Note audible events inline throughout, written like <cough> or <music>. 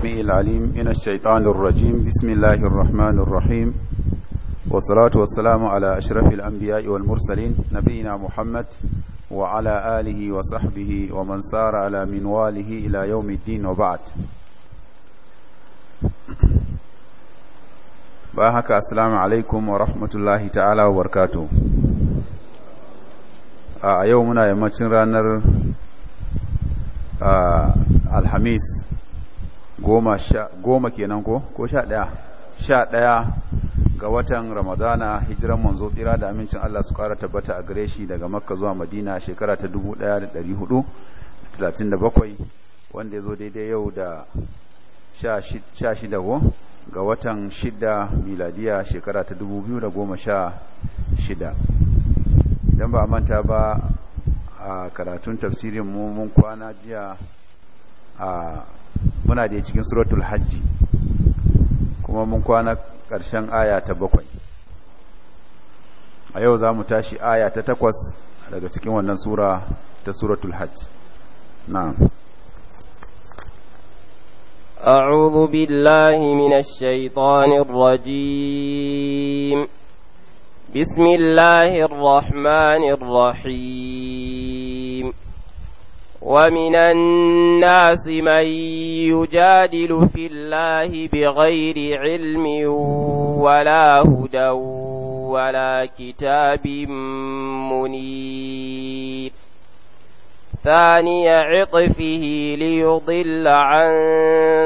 السميع العليم من الشيطان الرجيم بسم الله الرحمن الرحيم والصلاة والسلام على أشرف الأنبياء والمرسلين نبينا محمد وعلى آله وصحبه ومن سار على منواله إلى يوم الدين وبعد باهك السلام عليكم ورحمة الله تعالى وبركاته a آه، يمتشن رانر آه، الحميس goma sha goma kenan ko ko sha ɗaya sha ɗaya ga watan ramadana hijiran manzo tsira da amincin Allah su ƙara tabbata a gare shi daga makka zuwa madina shekara ta 1437 wanda ya zo daidai yau da sha shida ko ga watan shida miladiya shekara ta 2016 idan ba manta ba a karatun tafsirin mu mun kwana jiya a muna da cikin suratul hajji kuma mun kwana ƙarshen aya ta bakwai a yau za mu tashi aya ta takwas daga cikin wannan sura ta suratul hajji na أعوذ بالله من الشيطان الرجيم بسم الله الرحمن ومن الناس من يجادل في الله بغير علم ولا هدى ولا كتاب منير ثاني عطفه ليضل عن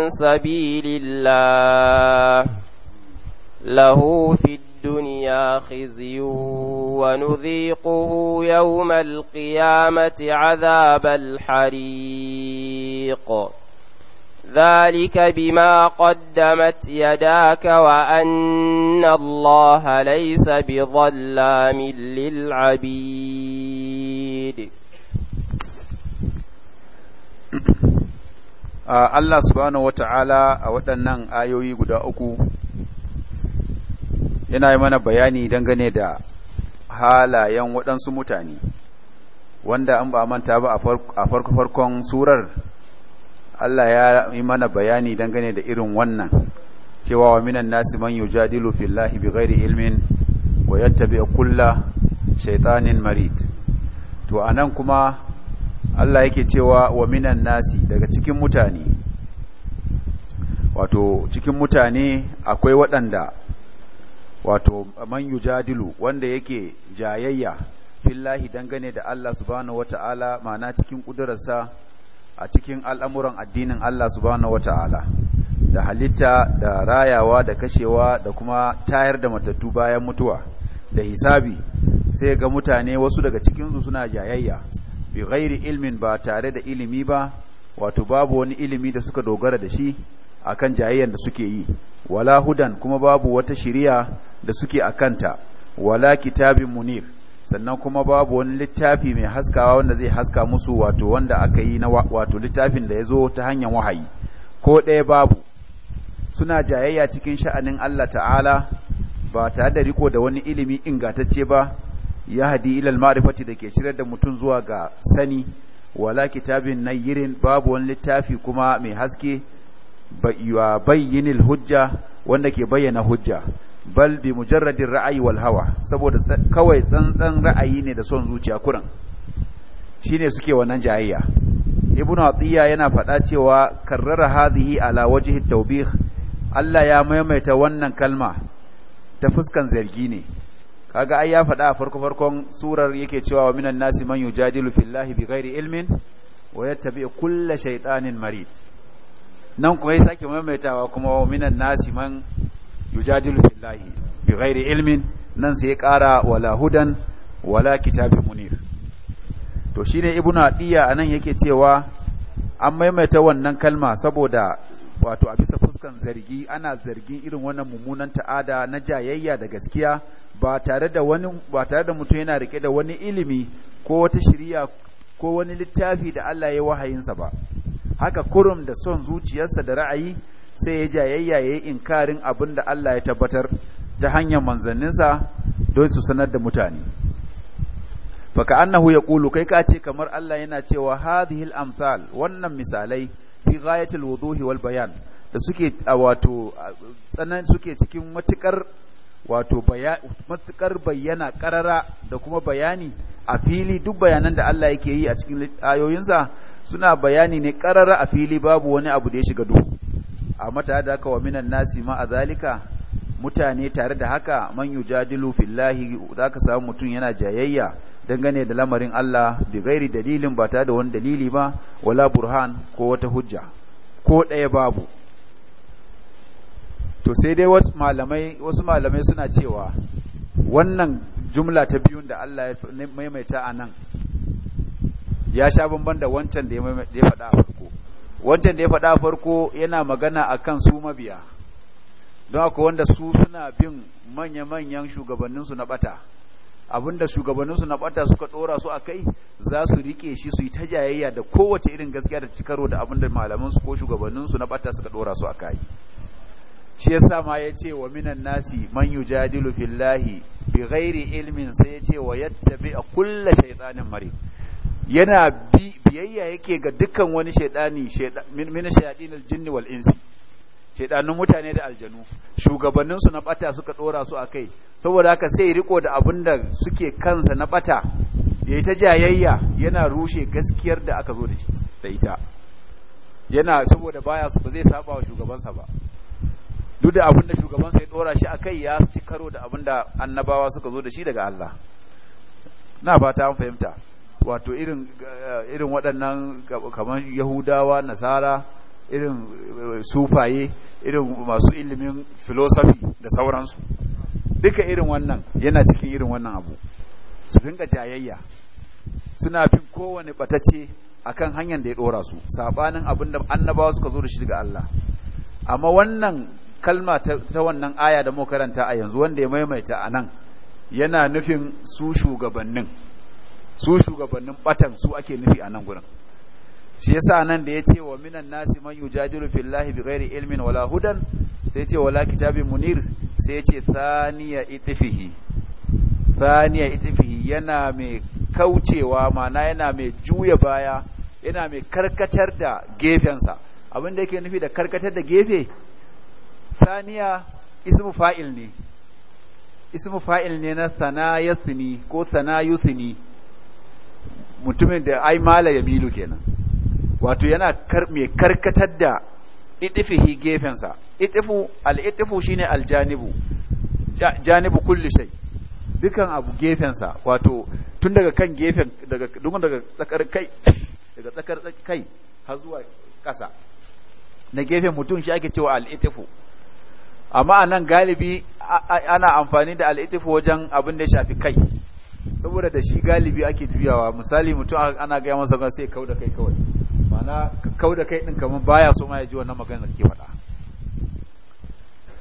سبيل الله له في الدين الدنيا خزي ونذيقه يوم القيامة عذاب الحريق ذلك بما قدمت يداك وأن الله ليس بظلام للعبيد Allah subhanahu wa ta'ala a waɗannan ayoyi guda uku yana yi mana bayani dangane da halayen waɗansu mutane wanda an ba manta ba a farko-farkon surar Allah ya yi mana bayani dangane da irin wannan cewa wa minan nasi man yujadilu fillahi gairi ilmin wa bi kulla shaitanin marit to a nan kuma Allah yake cewa wa minan nasi daga cikin mutane wato cikin mutane akwai waɗanda wato man yujadilu wanda yake jayayya fillahi dangane da Allah subhanahu wata'ala ma'ana cikin kudurarsa a cikin al'amuran addinin Allah subhanahu wata'ala da halitta da rayawa da kashewa da kuma tayar da matattu bayan mutuwa da hisabi sai ga mutane wasu daga cikinsu suna jayayya bi ghairi ilmin ba tare da ilimi ba wato babu wani ilimi da suka dogara da shi akan jayayyan da suke yi wala hudan kuma babu wata shiriya da suke a kanta wala kitabin munir sannan kuma babu wani littafi mai haskawa wanda zai haska musu wato wanda aka yi na wato littafin da ya zo ta hanyar wahayi ko ɗaya babu suna jayayya cikin sha'anin Allah ta'ala ba tare da riko da wani ilimi ingantacce ba ya hadi ilal ma'rifati da ke shirar da mutum zuwa ga sani wala kitabin nayirin babu wani littafi kuma mai haske bayyinil hujja wanda ke bayyana hujja bal bi mujarradin ra'ayi wal hawa saboda kawai tsantsan ra'ayi ne da son zuciya kuran shine suke wannan jayayya ibnu atiya yana faɗa cewa karrara hadhihi ala wajhi tawbih Allah ya maimaita wannan kalma ta fuskan zargi ne kaga ai ya faɗa a farko farkon surar yake cewa wa minan nasi man yujadilu fillahi bighairi ilmin wa yattabi'u kulla shaytanin marid nan kuma ya sake maimaitawa kuma wa minan nasi man yujadilu fillahi bi ghairi ilmin nan sai ya kara wala hudan wala kitabin munir to shine ibnu adiya anan yake cewa an maimaita wannan kalma saboda wato a bisa fuskan zargi ana zargin irin wannan mummunan ta'ada na jayayya da gaskiya ba tare da wani ba tare da mutum yana rike da wani ilimi ko wata shiriya ko wani littafi da Allah ya wahayinsa ba haka kurum da son zuciyarsa da ra'ayi sai ya jayayya ya yi inkarin abin da Allah ya tabbatar ta hanyar manzanninsa don su sanar da mutane faka annahu ya ƙulu kai ka ce kamar Allah yana cewa hil amsal wannan misalai fi ghayatil wuduhi wal bayan da suke wato tsanan suke cikin matukar wato matukar bayyana ƙarara da kuma bayani a fili duk bayanan da Allah yake yi a cikin ayoyinsa suna bayani ne karara a fili babu wani abu da ya shiga duhu A mata da aka wa minan nasi ma a zalika mutane tare da haka man yujadilu fillahi ka samu mutum yana jayayya dangane da lamarin Allah bi gairi dalilin ba ta da wani dalili ba wala burhan ko wata hujja ko ɗaya babu to sai dai wasu malamai wasu malamai suna cewa wannan jumla ta biyun da Allah ya maimaita a nan ya sha bamban da wancan da ya faɗa a farko wancan da ya faɗa a farko yana magana akan su mabiya don akwai wanda su suna bin manya-manyan shugabanninsu na bata abinda shugabanninsu na bata suka ɗora su a kai za su rike shi su yi ta jayayya da kowace irin gaskiya da cikaro da abinda malamansu ko shugabanninsu na bata suka ɗora su a kai shi yasa ma ya ce wa minan nasi man yujadilu fillahi bi ghairi ilmin sai ya ce wa yattabi a kulla shaytanin marid yana biyayya yake ga dukkan wani shaidani min shayadinil jinni wal insi shaidanin mutane da aljanu shugabannin na bata suka dora su kai saboda haka sai riko da abin da suke kansa na bata yayi ta jayayya yana rushe gaskiyar da aka zo da ita yana saboda baya su ba zai saba wa shugabansa ba duk da abin da shugabansa ya dora shi akai ya ci karo da abin annabawa suka zo da shi daga Allah na fata an fahimta wato irin eh, irin waɗannan kamar yahudawa nasara irin eh, sufaye irin masu ilimin filosofi da sauransu duka irin wannan yana cikin irin wannan abu su rinka jayayya suna bin kowane batacce akan hanyar da ya dora su sabanin abin da annabawa suka zo da shi daga Allah amma wannan kalma ta wannan aya da mokaranta karanta a yanzu wanda ya maimaita a nan yana nufin su shugabannin su shugabannin batan su ake nufi a nan gurin shi yasa nan da ya ce wa minan nasi man yujadilu fillahi bighairi ilmin wala hudan sai ya ce wala kitabin munir sai ya ce thaniya itfihi thaniya itfihi yana mai kaucewa mana yana mai juya baya yana mai karkatar da gefensa abin da yake nufi da karkatar da gefe thaniya ismu fa'il ne ismu fa'il ne na sanayasini ko sanayusini mutumin da ai mala ya milu kenan wato yana mai karkatar da itifihi sa itifu al-itifu shine aljanibu janibu kulli shay dukan abu gefensa wato tun daga kan gefen daga dukkan daga tsakar kai <coughs> daga tsakar kai har zuwa ƙasa na gefen mutum shi ake cewa al-itifu amma anan galibi ana amfani da al-itifu wajen abin da ya shafi kai saboda da shi galibi ake juyawa misali mutum ana gaya masa gan sai kau kai kawai mana kau kai din kamar baya so ma ya ji wannan magana ke faɗa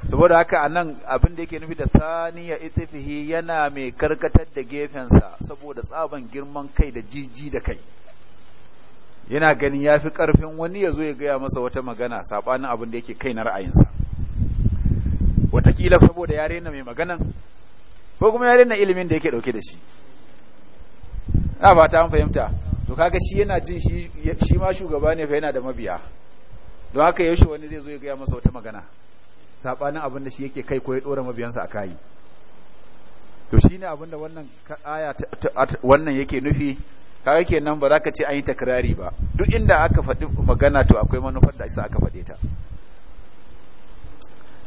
saboda haka anan abin da yake nufi da saniya itifihi yana mai karkatar da gefensa saboda tsaban girman kai da jiji da kai yana ganin ya fi ƙarfin wani ya zo ya gaya masa wata magana saɓanin abin da yake kai na ra'ayinsa watakila saboda ya rena mai maganan ko kuma ya rinna ilimin da yake dauke da shi na fata an fahimta to kaga shi yana jin shi shi ma shugaba ne fa yana da mabiya don haka yaushe wani zai zo ya gaya masa wata magana sabanin abin da shi yake kai ko ya dora mabiyansa a kai to shine abin da wannan aya wannan yake nufi kaga kenan ba za ka ce an yi takrari ba duk inda aka faɗi magana to akwai manufar da isa aka faɗe ta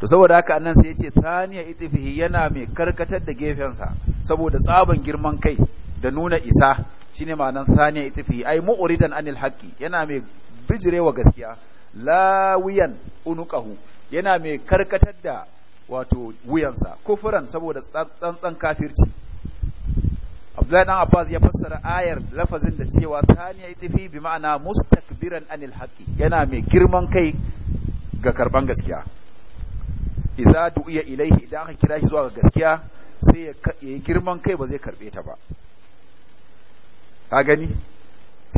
to saboda haka annan sai yace thaniya itifihi yana mai karkatar da gefensa saboda tsaban girman kai da nuna isa shine ma'anan thaniya itifihi ai mu'ridan anil haqqi yana mai bijirewa gaskiya lawiyan unukahu yana mai karkatar da wato wuyansa kufuran saboda tsantsan kafirci Abdullahi dan Abbas ya fassara ayar lafazin da cewa thaniya itifi bi ma'ana mustakbiran anil haqqi yana mai girman kai ga karban gaskiya iza du'iya ilaihi idan aka kira shi zuwa ga gaskiya sai ya yi girman kai ba zai karbe ta ba ka gani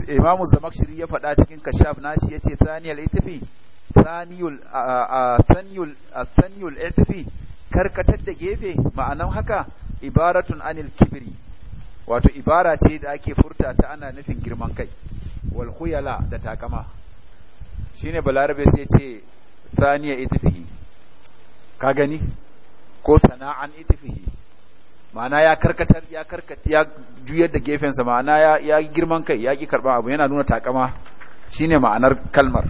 imamu zamakshiri ya faɗa cikin kashaf nashi yace thaniyal itifi thaniyul thaniyul thaniyul itifi karkatar da gefe ma'anan haka ibaratun anil kibri wato ibara ce da ake furta ta ana nufin girman kai wal khuyala da takama shine balarabe sai ce thaniya itifi ka gani ko sana'an itifihi ma'ana ya karkatar ya karkata ya juyar da gefensa ma'ana ya ya girman kai ya ki karba abu yana nuna takama shine ma'anar kalmar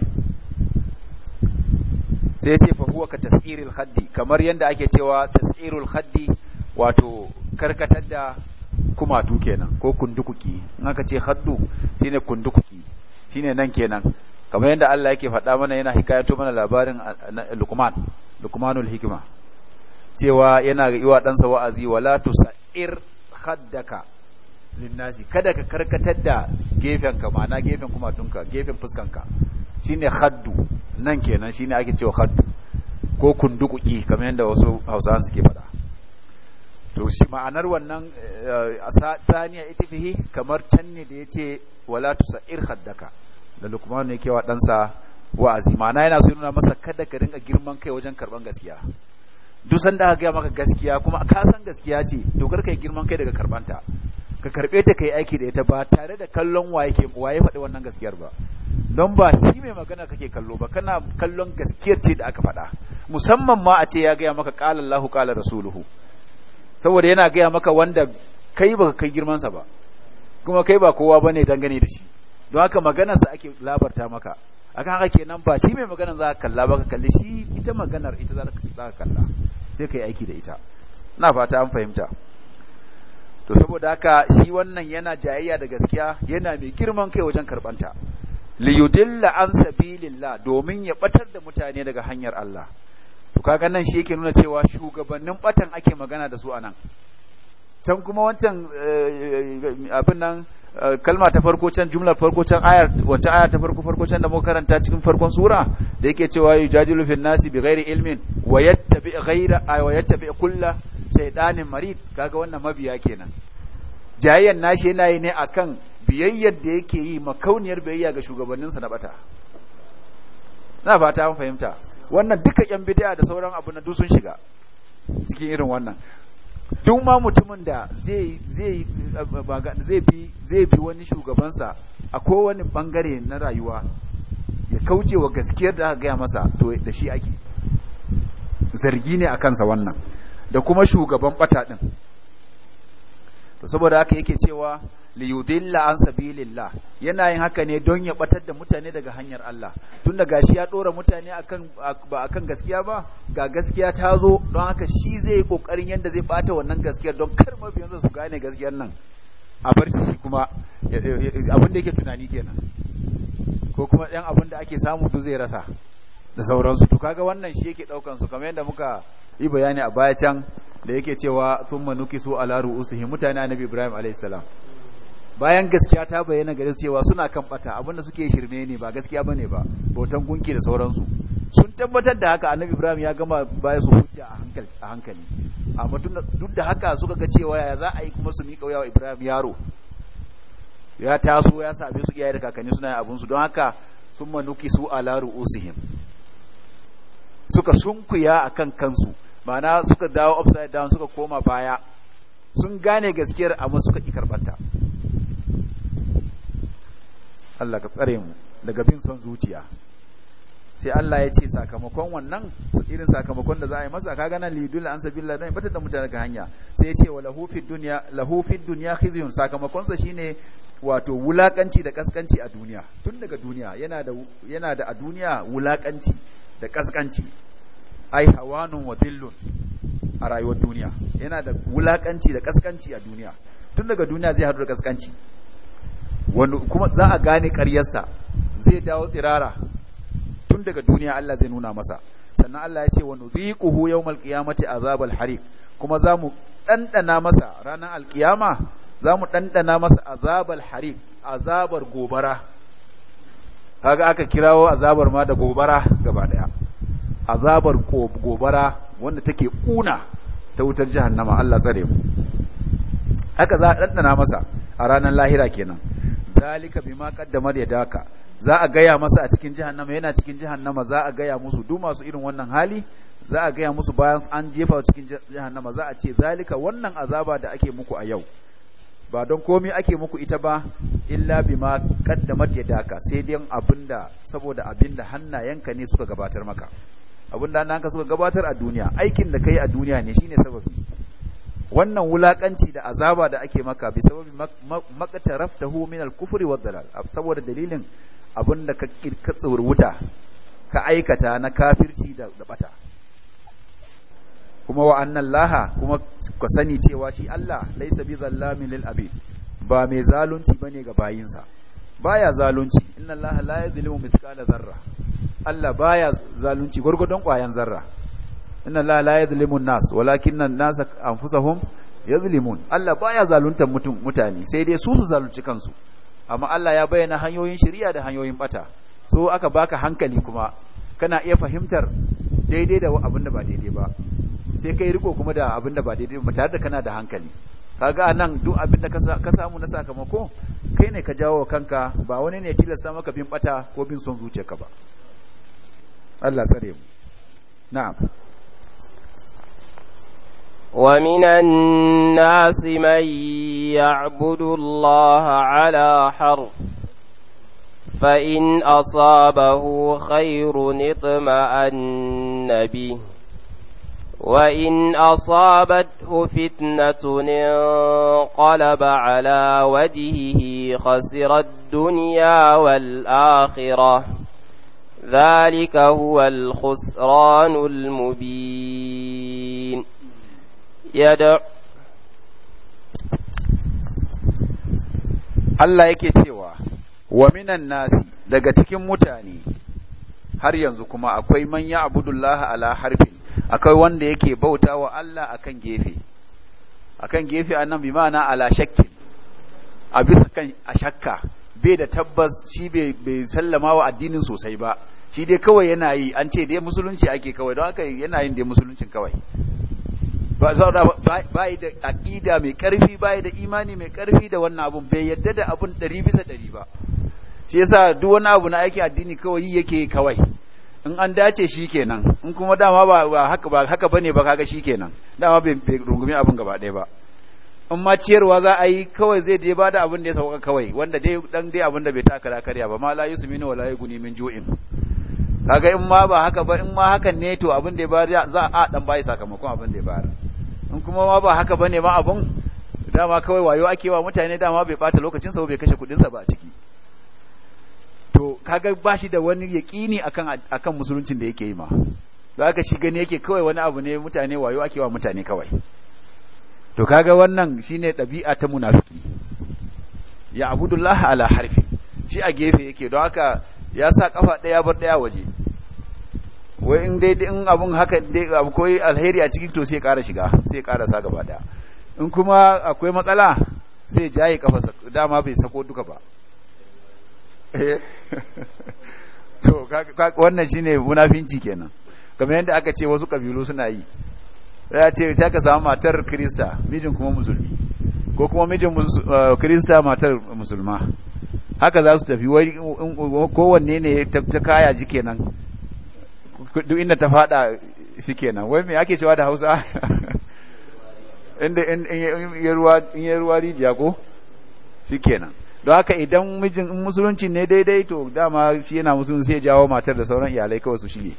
sai ce fa huwa ka tasiril khaddi kamar yanda ake cewa tasirul khaddi wato karkatar da kumatu kenan ko kundukuki in aka ce haddu shine kundukuki shine nan kenan kamar yadda Allah yake faɗa mana yana hikayato mana labarin Luqman Luqmanul hikima cewa yana yiwa ɗansa wa'azi wala tusair haddaka linnasi kada ka karkatar da gefen ka ma'ana gefen kumatunka gefen fuskanka shine haddu nan kenan shine ake cewa haddu ko kunduƙi kamar yadda wasu Hausawan suke faɗa to shi ma'anar wannan eh, saniya ita fihi kamar canne ne da yace wala tusair haddaka da lukman ne kewa ɗansa wa'azi ma'ana yana so nuna masa kada ka rinka girman kai wajen karɓan gaskiya duk sanda aka gaya maka gaskiya kuma ka san gaskiya ce dokar ka kai girman kai daga karɓanta ka karbe ta kai aiki da ita ba tare da kallon waye ke faɗi wannan gaskiyar ba don ba shi mai magana kake kallo ba kana kallon gaskiyar ce da aka faɗa musamman ma a ce ya gaya maka qala Allahu qala rasuluhu saboda yana gaya maka wanda kai baka kai girmansa ba kuma kai ba kowa bane dangane da shi don haka maganarsa ake labarta maka akan haka kenan ba shi mai maganar za ka kalla ba ka kalli shi ita maganar ita za ka kalla sai ka yi aiki da ita ina fata an fahimta to saboda haka shi wannan yana jayayya da gaskiya yana mai girman kai wajen karbanta li yudilla an sabilillah domin ya batar da mutane daga hanyar Allah to kaga nan shi yake nuna cewa shugabannin batan ake magana da su anan can kuma wancan eh, eh, eh, abin nan Eh, kalma ta farko can jumlar farko can ayar wacce aya ta farko farko can da muka karanta cikin farkon sura da yake cewa yujadilu fil nasi ghairi ilmin wa yattabi ghaira ay wa yattabi kullu shaytanin marid kaga wannan mabiya kenan jayyan nashi yana yi ne akan biyayyar da yake yi makauniyar biyayya ga shugabanninsa na bata na fata an fahimta wannan duka yan bid'a da sauran abu na dusun sun shiga cikin irin wannan duk ma mutumin da zai bi wani shugabansa a kowane bangare na rayuwa ya kauce wa gaskiyar da aka gaya masa to da shi ake zargi ne a kansa wannan da kuma shugaban ɓata ɗin. to saboda haka yake cewa liyudilla an sabilillah yana yin haka ne don ya batar da mutane daga hanyar Allah tun da gashi ya dora mutane akan ba akan gaskiya ba ga gaskiya ta zo don haka shi zai yi kokarin yanda zai bata wannan gaskiyar don kar mabiyansa su gane gaskiyar nan a bar shi kuma abin da yake tunani kenan ko kuma ɗan abin da ake samu duk zai rasa da sauransu to kaga wannan shi yake daukan su kamar yadda muka yi bayani a baya can da yake cewa manuki su ala ru'usihim mutane annabi Ibrahim alayhi bayan gaskiya ta bayyana gare su cewa suna kan bata abinda suke shirme ne ba gaskiya bane ba botan gunki da sauransu sun tabbatar da haka annabi ibrahim ya gama baya su hujja a hankali a hankali amma duk da haka suka ga cewa ya za a yi kuma su miƙa wa ibrahim yaro ya taso ya same su iyaye kakanni suna abun su don haka sun manuki su ala ru'usihim suka sunkuya akan kansu ma'ana suka dawo upside down suka koma baya sun gane gaskiyar amma suka ki karbanta Allah ka tsare mu daga bin son zuciya sai Allah ya ce sakamakon wannan irin sakamakon da za a yi masa ka gana lidul an sabilla dan bata da mutane ga hanya sai ya ce wa lahu fid dunya lahu fid dunya khizyun sakamakon sa shine wato wulakanci da kaskanci a duniya tun daga duniya yana da yana da a duniya wulakanci da kaskanci ai hawanun wa dhillun a rayuwar duniya yana da wulakanci da kaskanci a duniya tun daga duniya zai haɗu da kaskanci wanda kuma za a gane ƙaryarsa zai dawo tsirara tun daga duniya Allah zai nuna masa sannan Allah ya ce wa nuziquhu yawmal qiyamati azabal hariq kuma za mu ɗanɗana masa ranar alkiyama za mu ɗanɗana masa azabar a azabar gobara kaga aka kirawo azabar ma da gobara gaba a azabar gobara wanda take ƙuna ta wutar jahannama Allah tsare mu haka za a ɗanɗana masa a ranar lahira kenan zalika bima qaddama yadaka za a gaya masa a cikin jahannama yana cikin jahannama za a gaya musu duk masu irin wannan hali za a gaya musu bayan an jefa cikin jahannama za a ce zalika wannan azaba da ake muku a yau ba don komai ake muku ita ba illa bima qaddama yadaka sai dai abinda saboda abinda hannayenka ne suka gabatar maka abinda hannayenka suka gabatar a duniya aikin da kai a duniya ne shine sababi wannan wulakanci da azaba da ake maka bi sababi maqtaraftahu min al-kufri wa dalal saboda dalilin abinda ka kirka wuta ka aikata na kafirci da bata kuma wa annan laha kuma ka sani cewa shi Allah laisa bi zallami lil abid ba mai zalunci bane ga bayinsa baya zalunci inna laha la yuzlimu mithqala zarra Allah baya zalunci gurgudun kwayan zarra inna la la yadhlimu nas walakinna an-nas anfusahum yadhlimun Allah baya zalunta mutum mutane sai dai su su zalunci kansu amma Allah ya bayyana hanyoyin shari'a da hanyoyin bata so aka baka hankali kuma kana iya fahimtar daidai da abinda ba daidai ba sai kai riko kuma da abinda ba daidai ba tare da kana da hankali kaga anan duk abin da ka samu na sakamako kai ne ka jawo kanka ba wani ne tilasta maka bin bata ko bin son zuciyarka ba Allah tsare mu na'am ومن الناس من يعبد الله على حرف فإن أصابه خير اطمأن به وإن أصابته فتنة انقلب على وجهه خسر الدنيا والآخرة ذلك هو الخسران المبين yada Allah yake cewa wa minan nasi daga cikin mutane har yanzu kuma akwai manya ya ala harfin akwai wanda yake bauta wa Allah akan gefe akan gefe annan bi ma'ana ala shakki a bisa kan a shakka bai da tabbas shi bai sallama wa addinin sosai ba shi dai kawai yana yi an ce dai musulunci ake kawai don haka yana yin dai musuluncin kawai ba yi da aƙida mai ƙarfi ba yi da imani mai ƙarfi da wannan abun bai yadda da abun ɗari bisa ɗari ba shi yasa duk wani abu na aiki addini kawai yake kawai in an dace shi kenan in kuma dama ba haka ba ne bane ba kaga shi kenan dama bai rungumi abin gaba ɗaya ba in ma ciyarwa za a yi kawai zai dai da abin da ya sauka kawai wanda dai dan dai abin da bai taka da karya ba ma la yusminu wala yaguni min ju'in kaga in ma ba haka ba in ma hakan ne to abin da ya bayar za a dan bai sakamakon abin da ya bayar in kuma ma ba haka bane ma abun dama kawai wayo ake wa mutane dama bai bata lokacin sa bai kashe kudin sa ba a ciki to kaga bashi da wani yaqini akan akan musuluncin da yake yi ma zaka shi gani yake kawai wani abu ne mutane wayo ake wa mutane kawai to kaga wannan shine dabi'a ta munafiki ya abudullah ala harfi shi a gefe yake don haka ya sa kafa daya bar daya waje wai in dai in abun haka dai akwai alheri a cikin to sai ƙara shiga sai ƙara sa gaba daya in kuma akwai matsala sai jaye kafa dama bai sako duka ba eh. <laughs> to wannan shine munafinci kenan kamar yadda aka ce wasu kabilu suna yi ya ce ta ka samu matar krista mijin kuma musulmi ko kuma mijin eh, krista matar musulma haka za su tafi kowanne ne ta kaya ji kenan duk inda ta fada kenan wai me ake cewa da Hausa inda in ya ruwa in ya rijiya ko kenan don haka idan mijin in musulunci ne daidai to dama shi yana musulun sai jawo matar da sauran iyalai kawai su shige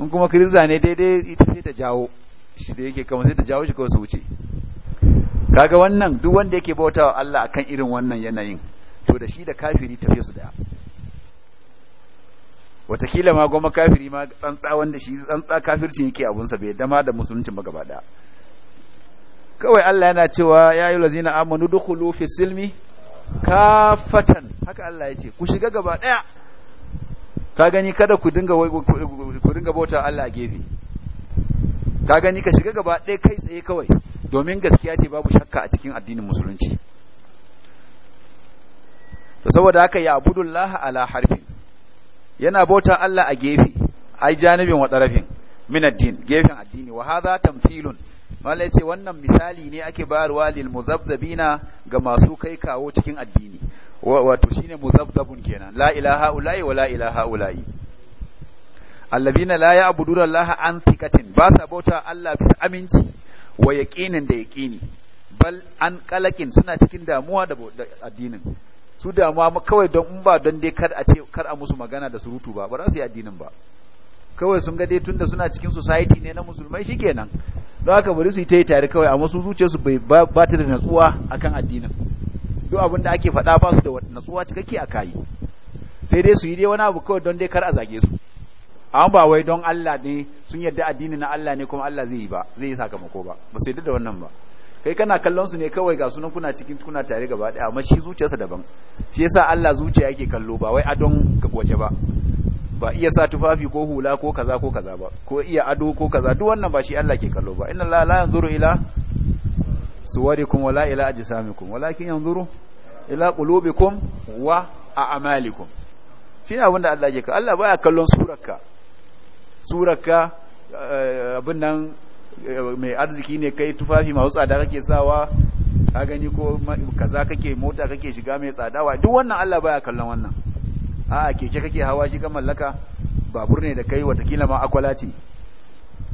in kuma kirista ne daidai ita sai ta jawo shi da yake kama sai ta jawo shi kawai su wuce kaga wannan duk wanda yake bautawa Allah akan irin wannan yanayin to da shi da kafiri tafiye su daya watakila ma goma kafiri ma tsantsa wanda shi tsantsa kafirci yake abunsa bai dama da musulunci ba gaba daya kawai Allah yana cewa ya yi lazina amanu dukhulu fi silmi kafatan haka Allah ya ce ku shiga gaba daya ka gani kada ku dinga ku dinga bauta Allah a gefe ka gani ka shiga gaba daya kai tsaye kawai domin gaskiya ce babu shakka a cikin addinin musulunci to saboda haka ya abudullah ala harfin yana bauta Allah a gefe ai janibin wa min addin gefen addini wa hadha tamthilun mallai yace wannan misali ne ake bayarwa lil muzabbabina ga masu kai kawo cikin addini wato shine muzabbabun kenan la ilaha ulai wa la ilaha ulai allabina la ya'buduna allaha an thiqatin ba sa bauta Allah bisa aminci wa yaqinin da yaqini bal an qalakin suna cikin damuwa da addinin su damuwa kawai don in ba don dai kar a ce kar a musu magana da surutu ba ba za su yi addinin ba kawai sun ga dai tunda suna cikin society ne na musulmai shikenan don haka bari su yi ta yi tare kawai amma su su bai ba ta da natsuwa akan addinin duk abin da ake faɗa ba su da natsuwa cikakke a kayi sai dai su yi dai wani abu kawai don dai kar a zage su amma ba wai don Allah ne sun yarda addini na Allah ne kuma Allah zai yi ba zai yi sakamako ba ba su da wannan ba kai kana kallon su ne kawai ga sunan kuna cikin kuna tare gaba daya amma shi zuciyarsa daban shi yasa Allah zuciya yake kallo ba wai adon waje ba ba iya sa tufafi ko hula ko kaza ko kaza ba ko iya ado ko kaza duk wannan ba shi Allah ke kallo ba inna la la yanzuru ila suwarikum wala ila ajsamikum walakin yanzuru ila qulubikum wa a'malikum shi abin da Allah ke kallo Allah baya kallon surarka surarka eh, abin nan mai arziki ne kai tufafi masu tsada kake sawa ka gani ko kaza kake mota kake shiga mai tsadawa duk wannan Allah baya kallon wannan a'a keke kake hawa shi ka mallaka babur ne da kai watakila ma akwala ce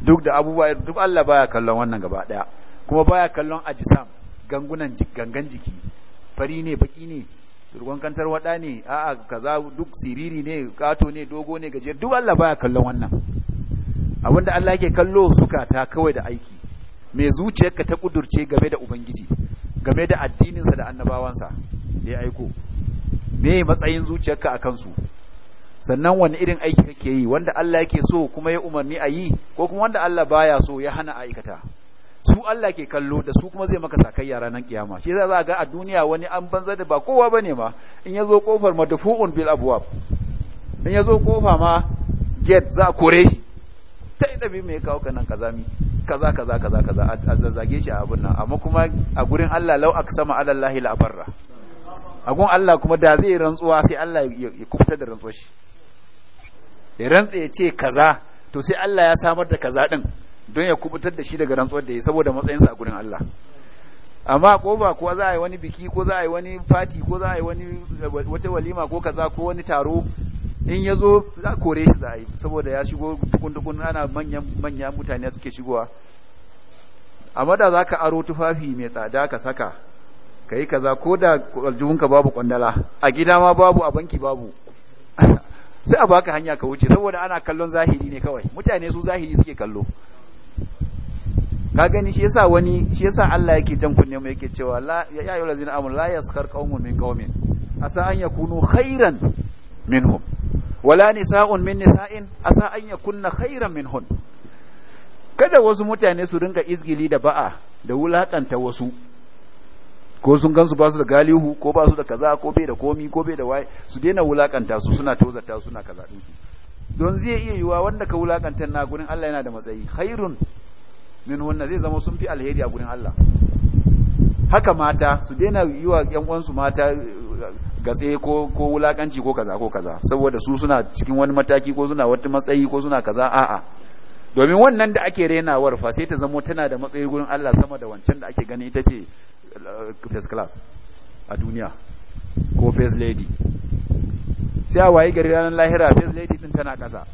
duk da abubuwa duk Allah baya kallon wannan gaba daya kuma baya kallon ajisam gangunan gangan jiki fari ne baki ne turgon kantar wada ne a'a kaza duk siriri ne kato ne dogo ne gajiyar duk Allah baya kallon wannan abinda Allah yake kallo suka ta kawai da aiki mai zuciyarka ta kudurce game da ubangiji game da addininsa da annabawansa da ya aiko me matsayin zuciyarka a kansu sannan wani irin aiki kake yi wanda Allah yake so kuma ya umarni a yi ko kuma wanda Allah baya so ya hana aikata su Allah ke kallo da su kuma zai maka sakayya ranar kiyama shi za ga a duniya wani an banza da ba kowa bane ma in ya zo kofar madfu'un bil abwab in ya zo kofa ma gate za a kore shi kai tsabi mai kawo ka nan mi kaza kaza kaza kaza a zazzage shi a abun nan amma kuma a gurin Allah lau aksama ala Allah la a gun Allah kuma da zai rantsuwa sai Allah ya kubta da rantsuwar shi ya rantsa ya ce kaza to sai Allah ya samar da kaza din don ya kubutar da shi daga rantsuwar da ya saboda matsayinsa a gurin Allah amma ko ba ko za a yi wani biki ko za a yi wani fati ko za a yi wani wata walima ko kaza ko wani taro in ya zo za a kore shi za a yi saboda ya shigo dukun ana manyan mutane suke shigowa a da za ka aro tufafi mai tsada ka saka ka yi kaza ko da aljihunka babu kwandala a gida ma babu a banki babu <laughs> sai a baka hanya ka wuce saboda ana kallon zahiri ne kawai mutane su zahiri suke kallo ka gani shi yasa wani shi yasa Allah yake jan kunne mu yake cewa la ya ayyuhallazina amanu la yaskhar qaumun min qaumin asa an yakunu hairan. minhum wala nisa'un min nisa'in asa an yakunna khairan minhun kada wasu mutane su ringa izgili da ba'a da wulakanta wasu ko sun gansu ba su da galihu ko ba su da kaza ko bai da komi ko bai da waye su daina wulakanta su suna tozarta suna kaza din don zai iya yiwa wanda ka wulakanta na gurin Allah yana da matsayi khairun min wanda zai zama sun fi alheri a gurin Allah haka mata su daina yiwa yan uwansu mata gatse ko ko wulakanci ko kaza ko kaza saboda su suna cikin wani mataki ko suna wata matsayi ko suna kaza a'a domin wannan da ake renawar fa sai ta zamo tana da matsayi gurin Allah sama da wancan da ake gani ita ce uh, first class a duniya ko first lady sai a wayi gari ranar lahira first lady din tana kaza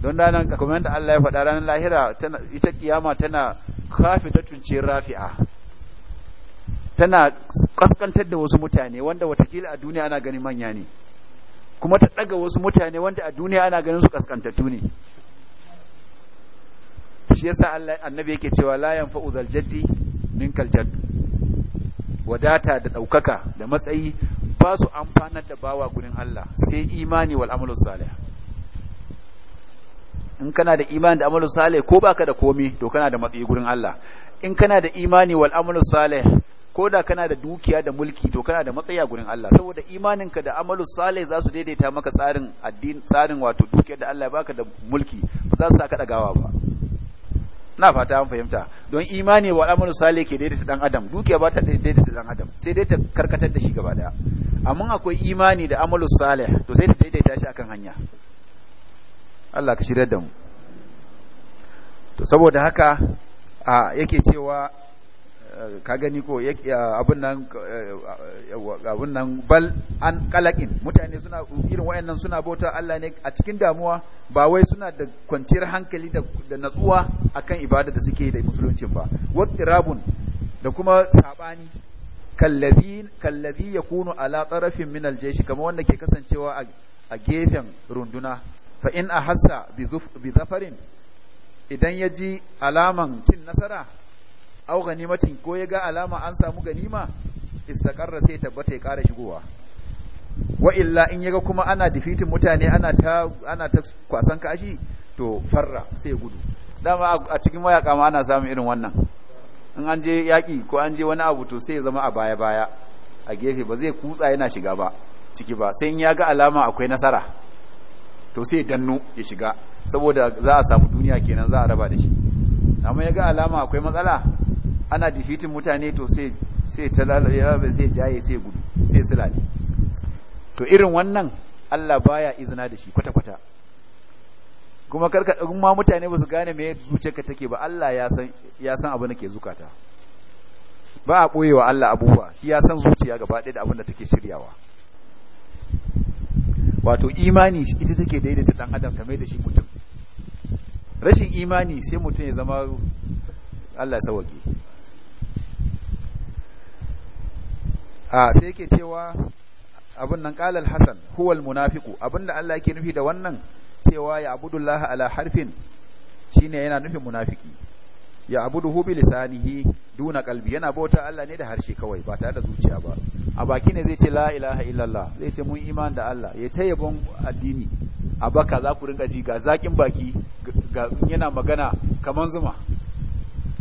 don ranar kamar da Allah ya faɗa ranar lahira ita kiyama tana kafi ta tunce rafi'a tana kaskantar da wasu mutane wanda watakila a duniya ana ganin manya ne kuma ta daga wasu mutane wanda a duniya ana ganin su kaskantattu ne shi yasa Allah annabi yake cewa la yanfa'u zal jaddi kal jadd wadata da daukaka da matsayi ba su amfanar da bawa gurin Allah sai imani wal amalu salih in kana da imani da amalu salih ko baka da komi to kana da matsayi gurin Allah in kana da imani wal amalu salih ko da kana da dukiya da mulki to kana da matsayi a gurin Allah saboda imaninka da amalu salih za su daidaita maka tsarin addini tsarin wato dukiyar da Allah ya baka da mulki ba za su saka dagawa ba na fata an fahimta don imani wa amalu salih ke daidaita dan adam dukiya ba ta daidaita dan adam sai dai ta karkatar da shi gaba daya amma akwai imani da amalu salih to sai ta daidaita shi akan hanya Allah ka shirya da mu to saboda haka a yake cewa ka gani ko abin eh, nan bal an kalakin mutane suna irin wayannan suna bauta Allah ne a cikin damuwa ba wai suna da kwanciyar hankali da, natsuwa akan ibada da suke da musuluncin ba wattirabun da kuma sabani kallabi ya yakunu ala tarafin min aljaysh kamar wanda ke kasancewa a, gefen runduna fa in ahassa bi zafarin idan ya ji alaman cin nasara au ganimatin ko ya ga alama an samu ganima istaqarra sai tabbata ya kara shigowa wa illa in yaga kuma ana difitin mutane ana ta ana ta kwasan kashi to farra sai gudu dama a cikin mayaka ma ana samun irin wannan in an je yaki ko an je wani abu to sai ya zama a baya baya a gefe ba zai kutsa yana shiga ba ciki ba sai in ya ga alama akwai nasara to sai dannu ya shiga saboda za a samu duniya kenan za a raba da shi amma ya ga alama akwai matsala ana difitin mutane to sai sai ta lalabe sai jaye sai gudu sai sulale to irin wannan Allah baya izina da shi kwata kwata kuma karka ma mutane ba su gane me zuciyarka take ba Allah ya san ya san abin da ke zukata ba a wa Allah abubuwa shi ya san zuciya gaba ɗaya da abin da take shiryawa wato imani ita take daidaita dan adam kamar da shi mutum rashin imani sai mutum ya zama Allah ya sauke sai yake cewa abin nan qala al-hasan huwa al abinda Allah yake nufi da wannan cewa ya abudullaha ala harfin shine yana nufin munafiki ya abuduhu bi lisanihi duna qalbi yana bauta Allah ne da harshe kawai ba tare da zuciya ba a baki ne zai ce la ilaha illallah zai ce mun iman da Allah ya ta yabon addini a baka za ku rinka ji ga zakin baki ga yana magana kaman zuma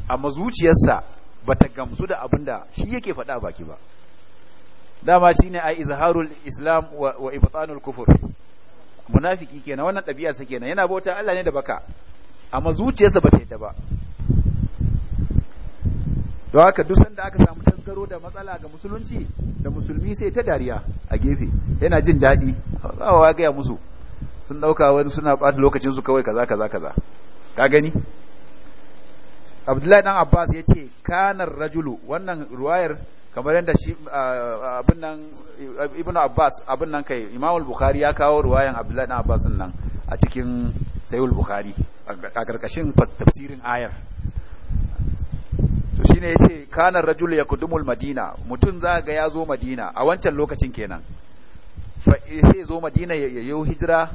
amma zuciyarsa bata gamsu da abinda shi yake faɗa baki ba dama shine a izharul islam wa, ibtanul kufur munafiki kenan wannan ɗabi'a sa kenan yana bauta Allah ne da baka amma zuciyarsa ba ta yadda ba don haka duk sanda aka samu tasgaro da matsala ga musulunci da musulmi sai ta dariya a gefe yana jin daɗi ya gaya musu sun ɗauka wani suna ɓata lokacin su kawai kaza kaza kaza ka gani abdullahi dan abbas ya ce kanar rajulu wannan ruwayar kamar yadda shi abin nan Ibn abbas abin nan kai imam al bukhari ya kawo ruwayan abdullahi ibn abbas nan a cikin sayyid bukhari a karkashin tafsirin ayar to shine yace kana rajul al madina mutun ga ya zo madina a wancan lokacin kenan fa eh, sai zo madina ya yi hijira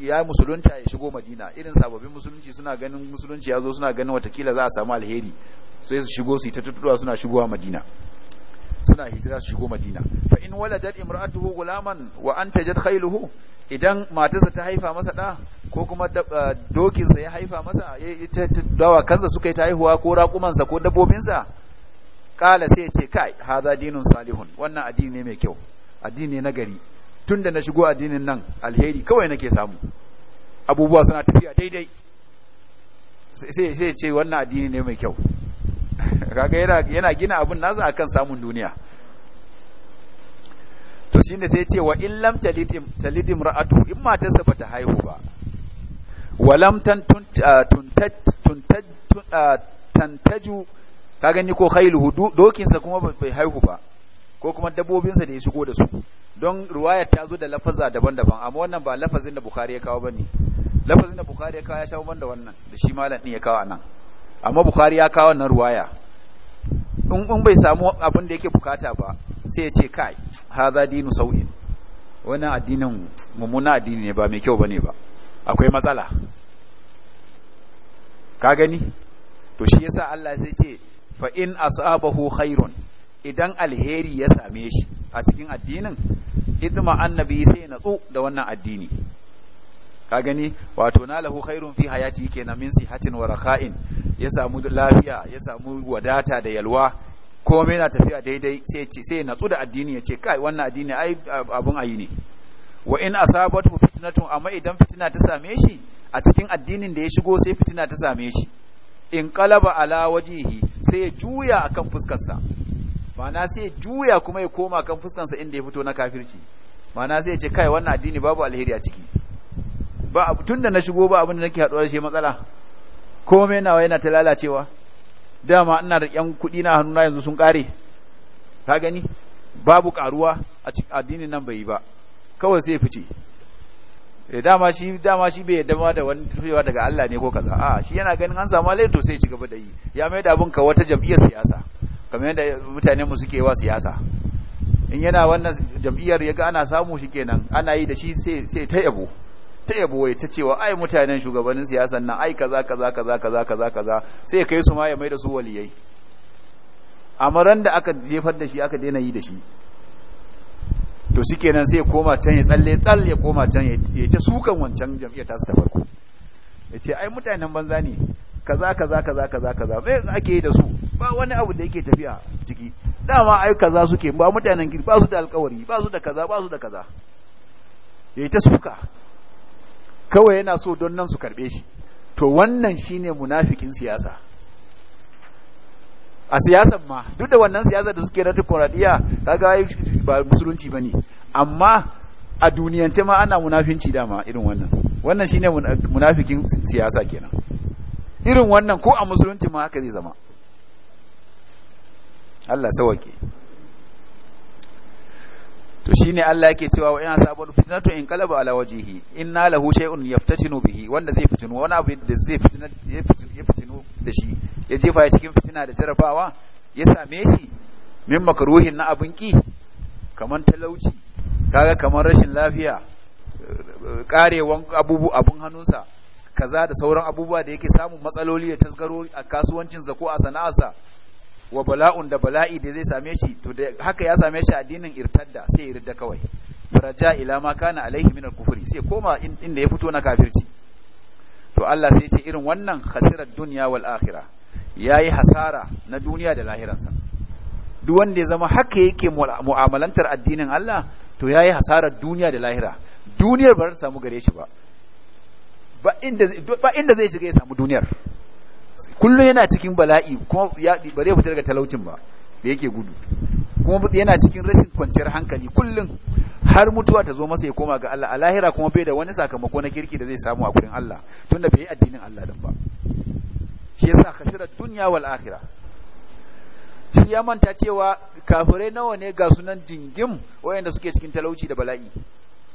ya musulunta ya shigo madina irin sababbin musulunci suna ganin musulunci ya zo suna ganin watakila za a samu alheri sai su shigo su yi ta tuttuwa suna shigowa madina suna hijira su shigo madina fa in waladat imra'atuhu gulaman wa anta jad khayluhu idan matarsa ta haifa masa da ko kuma ah, sa ya haifa masa ya dawa kansa suka yi ta haihuwa ko sa ko sa kala sai ce kai hadha dinun salihun wannan addini ne mai kyau addini na gari tunda na shigo addinin nan alheri kawai nake samu abubuwa suna tafiya daidai sai sai ce wannan addini ne mai kyau kaga yana yana gina abun nasa akan samun duniya to shine sai ce wa in lam talidim talidim ra'atu in matarsa bata haihu ba wa lam ah, ah, tantaju ka gani ko khailuhu dokinsa kuma bai haihu ba ko kuma dabbobinsa da ya shigo da su don ruwayar ta zo da lafaza daban-daban amma wannan ba lafazin da bukhari ya kawo ba ne lafazin da bukhari ya kawo ya sha banda wannan da shi malam din ya kawo anan amma bukhari ya kawo wannan ruwaya in bai samu abin da yake bukata ba sai ya ce kai haza dinu sau'in wannan addinin mummuna addini ne ba mai kyau bane ba akwai matsala ka gani to shi yasa Allah ya ce fa in asabahu khairun idan alheri ya same shi a cikin addinin idma annabi sai na natsu da wannan addini ka gani wato na lahu khairun fi hayati kenan min sihatin wa raka'in ya samu lafiya ya samu wadata da yalwa komai na tafiya daidai sai ce sai natsu da addini ya ce kai wannan addini ai abun ayi ne wa in asabatu fitnatun amma idan fitina ta same shi a cikin addinin da ya shigo sai fitina ta same shi in qalaba ala wajihi sai ya juya akan fuskarsa ma'ana sai juya kuma ya koma kan fuskarsa inda ya fito na kafirci ma'ana sai ya ce kai wannan addini babu alheri a ciki ba tunda na shigo ba abin da nake haɗuwa da shi matsala komai nawa yana ta lalacewa dama ina da yan kuɗi na hannuna yanzu sun ƙare ka gani babu ƙaruwa a cikin addinin nan bai yi ba kawai sai fice eh, dama shi dama shi bai yadda ma da wani tufewa daga Allah ne ko kaza a shi yana ganin an samu alai to sai ci gaba da yi ya mai da abin ka wata jam'iyyar siyasa kamar yadda mutanen mu suke wa siyasa in yana wannan jam'iyyar ya ga ana samu shi kenan ana yi da shi sai sai ta yabo ta yabo wai ta cewa ai mutanen shugabannin siyasan nan ai kaza kaza kaza kaza kaza kaza sai kai su ma ya maida su waliyai amaran da aka jefar da shi aka daina yi da shi to kenan sai ya koma can ya tsalle tsal ya koma can ya ta sukan wancan jam'iyyar ta su ta farko ya ce ai mutanen banza ne kaza kaza kaza kaza kaza me ake yi da su ba wani abu da yake tafiya ciki dama ai kaza suke ba mutanen gidi ba su da alkawari ba su da kaza ba su da kaza yayi ta suka kawai yana so don nan su karbe shi to wannan shine munafikin siyasa a siyasan ma duk da wannan siyasar da suke na tukuradiya kaga ba musulunci bane amma a duniyance ma ana munafinci dama irin wannan wannan shine munafikin siyasa kenan irin wannan ko a musulunci ma haka zai zama Allah sawake to shine Allah yake cewa wa in asabul fitnatu in qalaba ala wajihi inna lahu shay'un yaftatinu bihi wanda zai fitinu wani abu da zai fitina ya fitinu da shi ya jefa ya cikin fitina da jarabawa ya same shi min makruhin na abin ki kaman talauci kaga kaman rashin lafiya karewan abubu abun hannunsa kaza da sauran abubuwa da yake samun matsaloli da tasgaro a kasuwancinsa ko a sana'arsa wa bala'un da bala'i da zai same shi to da haka ya same shi addinin irtadda sai ya ridda kawai faraja ila ma kana alaihi min al-kufri sai koma inda ya fito na kafirci to Allah sai ya ce irin wannan khasirar dunya wal akhirah yayi hasara na duniya da lahiransa duk wanda ya zama haka yake mu'amalantar addinin Allah to yayi hasarar duniya da lahira duniyar ba za ta samu gare shi ba ba inda zai shiga ya samu duniyar kullum yana cikin bala'i kuma ya ba zai fita daga talaucin ba da yake gudu kuma yana cikin rashin kwanciyar hankali kullum har mutuwa ta zo masa ya koma ga Allah a lahira kuma bai da wani sakamako na kirki da zai samu a gurin Allah tunda bai yi addinin Allah din ba shi yasa kasira dunya wa akhirah shi ya manta cewa kafirai nawa ne ga sunan jingim wayanda suke cikin talauci da bala'i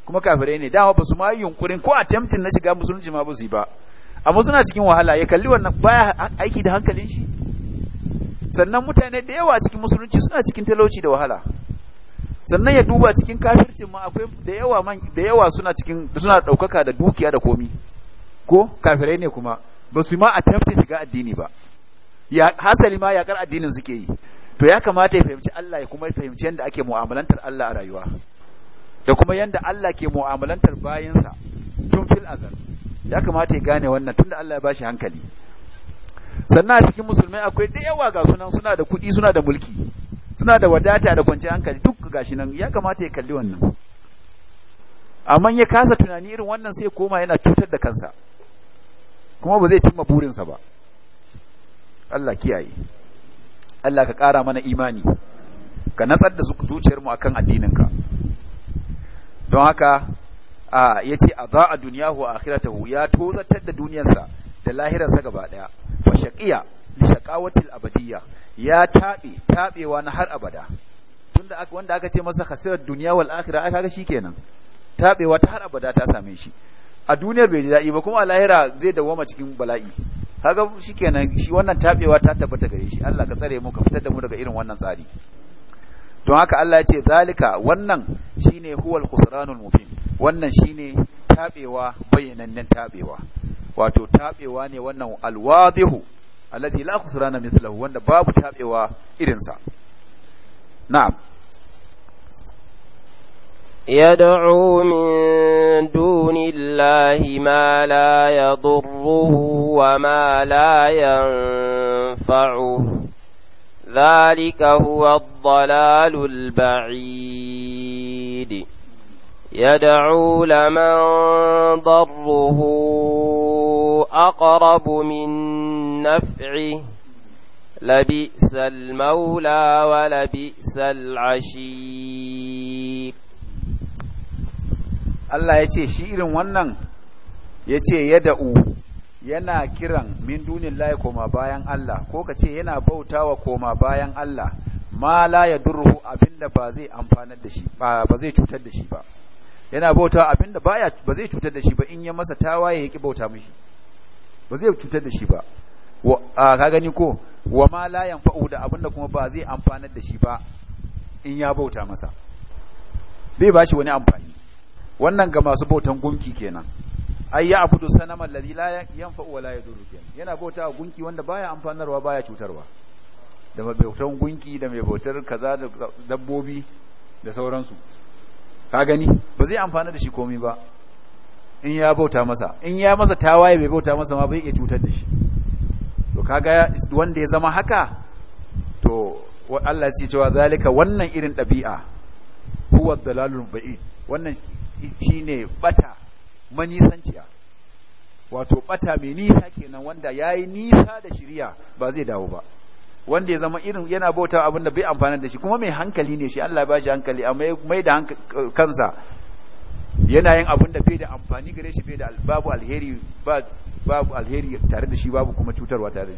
kuma kafirai ne dama ba su ma yunkurin ko attempting na shiga musulunci ma ba su yi ba amma suna cikin wahala ya kalli wannan baya aiki da hankalin shi sannan mutane da yawa cikin musulunci suna cikin talauci da wahala sannan ya duba cikin kafircin ma akwai da yawa man da yawa suna cikin suna daukaka da dukiya da komi ko kafirai ne kuma ba su ma attempt shiga addini ba ya hasali ma yakar addinin suke yi to ya kamata ya fahimci Allah ya kuma fahimci yanda ake mu'amalantar Allah a rayuwa da kuma yanda Allah ke mu'amalantar bayansa tun fil azal ya kamata ya gane wannan tun da Allah ya bashi hankali sannan a cikin musulmai akwai da yawa ga sunan suna da kuɗi suna da mulki suna da wadata da kwanciyar hankali duk shi nan ya kamata ya kalli wannan amma ya kasa tunani irin wannan sai koma yana cutar da kansa kuma ba zai cimma burinsa ba Allah kiyaye Allah ka ƙara mana imani ka natsar da zuciyarmu akan addininka don haka a yace duniya dunyahu wa akhiratahu ya tozartar da duniyarsa da lahirarsa gaba daya fa shaqiya li shaqawatil abadiyya ya tabe tabewa na har abada tunda wanda aka ce masa khasirat duniya wal akhirah aka ga shikenan tabewa ta har abada ta same shi a duniyar bai ji dadi ba kuma a lahira zai dawoma cikin bala'i kaga shikenan shi wannan tabewa ta tabbata gare shi Allah ka tsare mu ka fitar da mu daga irin wannan tsari don haka Allah ya ce zalika wannan shine huwal khusranul mubin wannan shine tabewa bayyanannen tabewa wato tabewa ne wannan alwadihu allazi la khusrana mithlahu wanda babu tabewa irinsa na'am يدعو من دون الله ما لا يضره وما لا ينفعه ذلك هو الضلال البعيد يدعو لمن ضره أقرب من نفعه لبئس المولى ولبئس العشير Allah ya ce shi irin wannan ya ya da'u yana kiran min dunin laye koma bayan Allah ko ka ce yana bautawa koma bayan Allah ma la ya durru abinda ba zai amfanar da shi ba zai cutar da shi ba yana bauta abinda baya ba zai cutar da shi ba in ya masa tawaye ya ki bauta mishi ba zai cutar da shi ba wa ka gani ko wa ma la yanfa'u da abinda kuma ba zai amfanar da shi ba in ya bauta masa bai ba shi wani amfani wannan ga masu bautan gunki kenan ai ya abudu sanaman allazi la yanfa'u wa la yadurru kenan yana bauta gunki wanda baya amfanarwa baya cutarwa da mai bautan gunki da mai bautar kaza da dabbobi da sauransu ka gani ba zai amfana da shi komi ba in ya bauta masa in ya masa tawaye bai bauta masa ma bai iya cutar da shi to kaga wanda ya zama haka to Allah ya cewa zalika wannan irin ɗabi'a huwa dalalul ba'id wannan shine bata manisanciya wato bata mai nisa kenan wanda yayi nisa da shiriya ba zai dawo ba wanda ya zama irin yana bauta abin da bai amfana da shi kuma mai hankali ne shi Allah ba shi hankali amma mai da kansa yana yin abin da bai da amfani gare shi bai da babu alheri babu alheri tare da shi babu kuma cutarwa tare da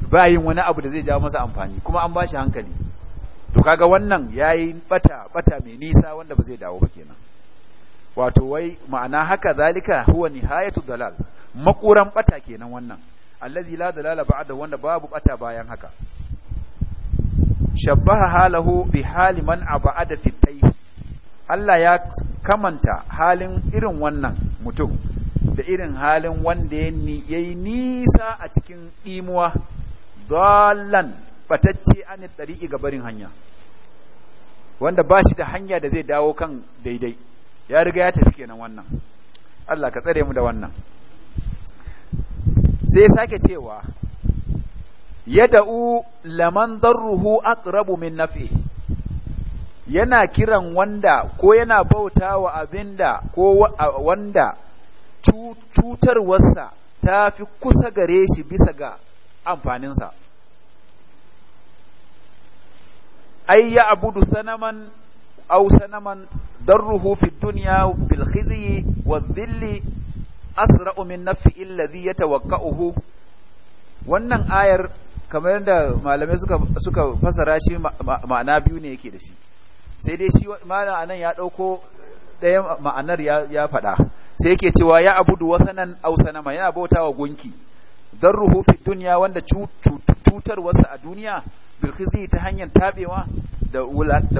shi ba yin wani abu da zai jawo masa amfani kuma an ba shi hankali to kaga wannan yayi bata bata mai nisa wanda ba zai dawo ba kenan wato wai ma'ana haka zalika huwa nihayatu dalal makuran bata kenan wannan allazi la dalala ba'da wanda babu bata bayan haka shabbaha halahu bi hali man fi fitai Allah ya kamanta halin irin wannan mutum da irin halin wanda ya yi nisa a cikin imuwa, dolan batacce an tsari'i ga barin hanya wanda ba shi da hanya da zai dawo kan daidai ya riga ya tafi kenan wannan Allah ka tsare mu da wannan sai sake cewa yada'u laman daruhu aqrabu min nafi yana kiran wanda ko yana bauta wa abinda ko wanda cutarwarsa ta fi kusa gare shi bisa ga amfaninsa ai ya abudu sanaman au sanaman darruhu fi duniya bil khizyi asra'u min naf'i allazi yatawaqqa'uhu wannan ayar kamar yadda malamai suka suka fasara shi ma'ana biyu ne yake da shi sai dai shi malam anan ya dauko ɗaya ma'anar ya faɗa sai yake cewa ya abudu wasanan aw sanama yana bautawa gunki darruhu fi dunya wanda cutar wasa a duniya bil ta hanyar tabewa da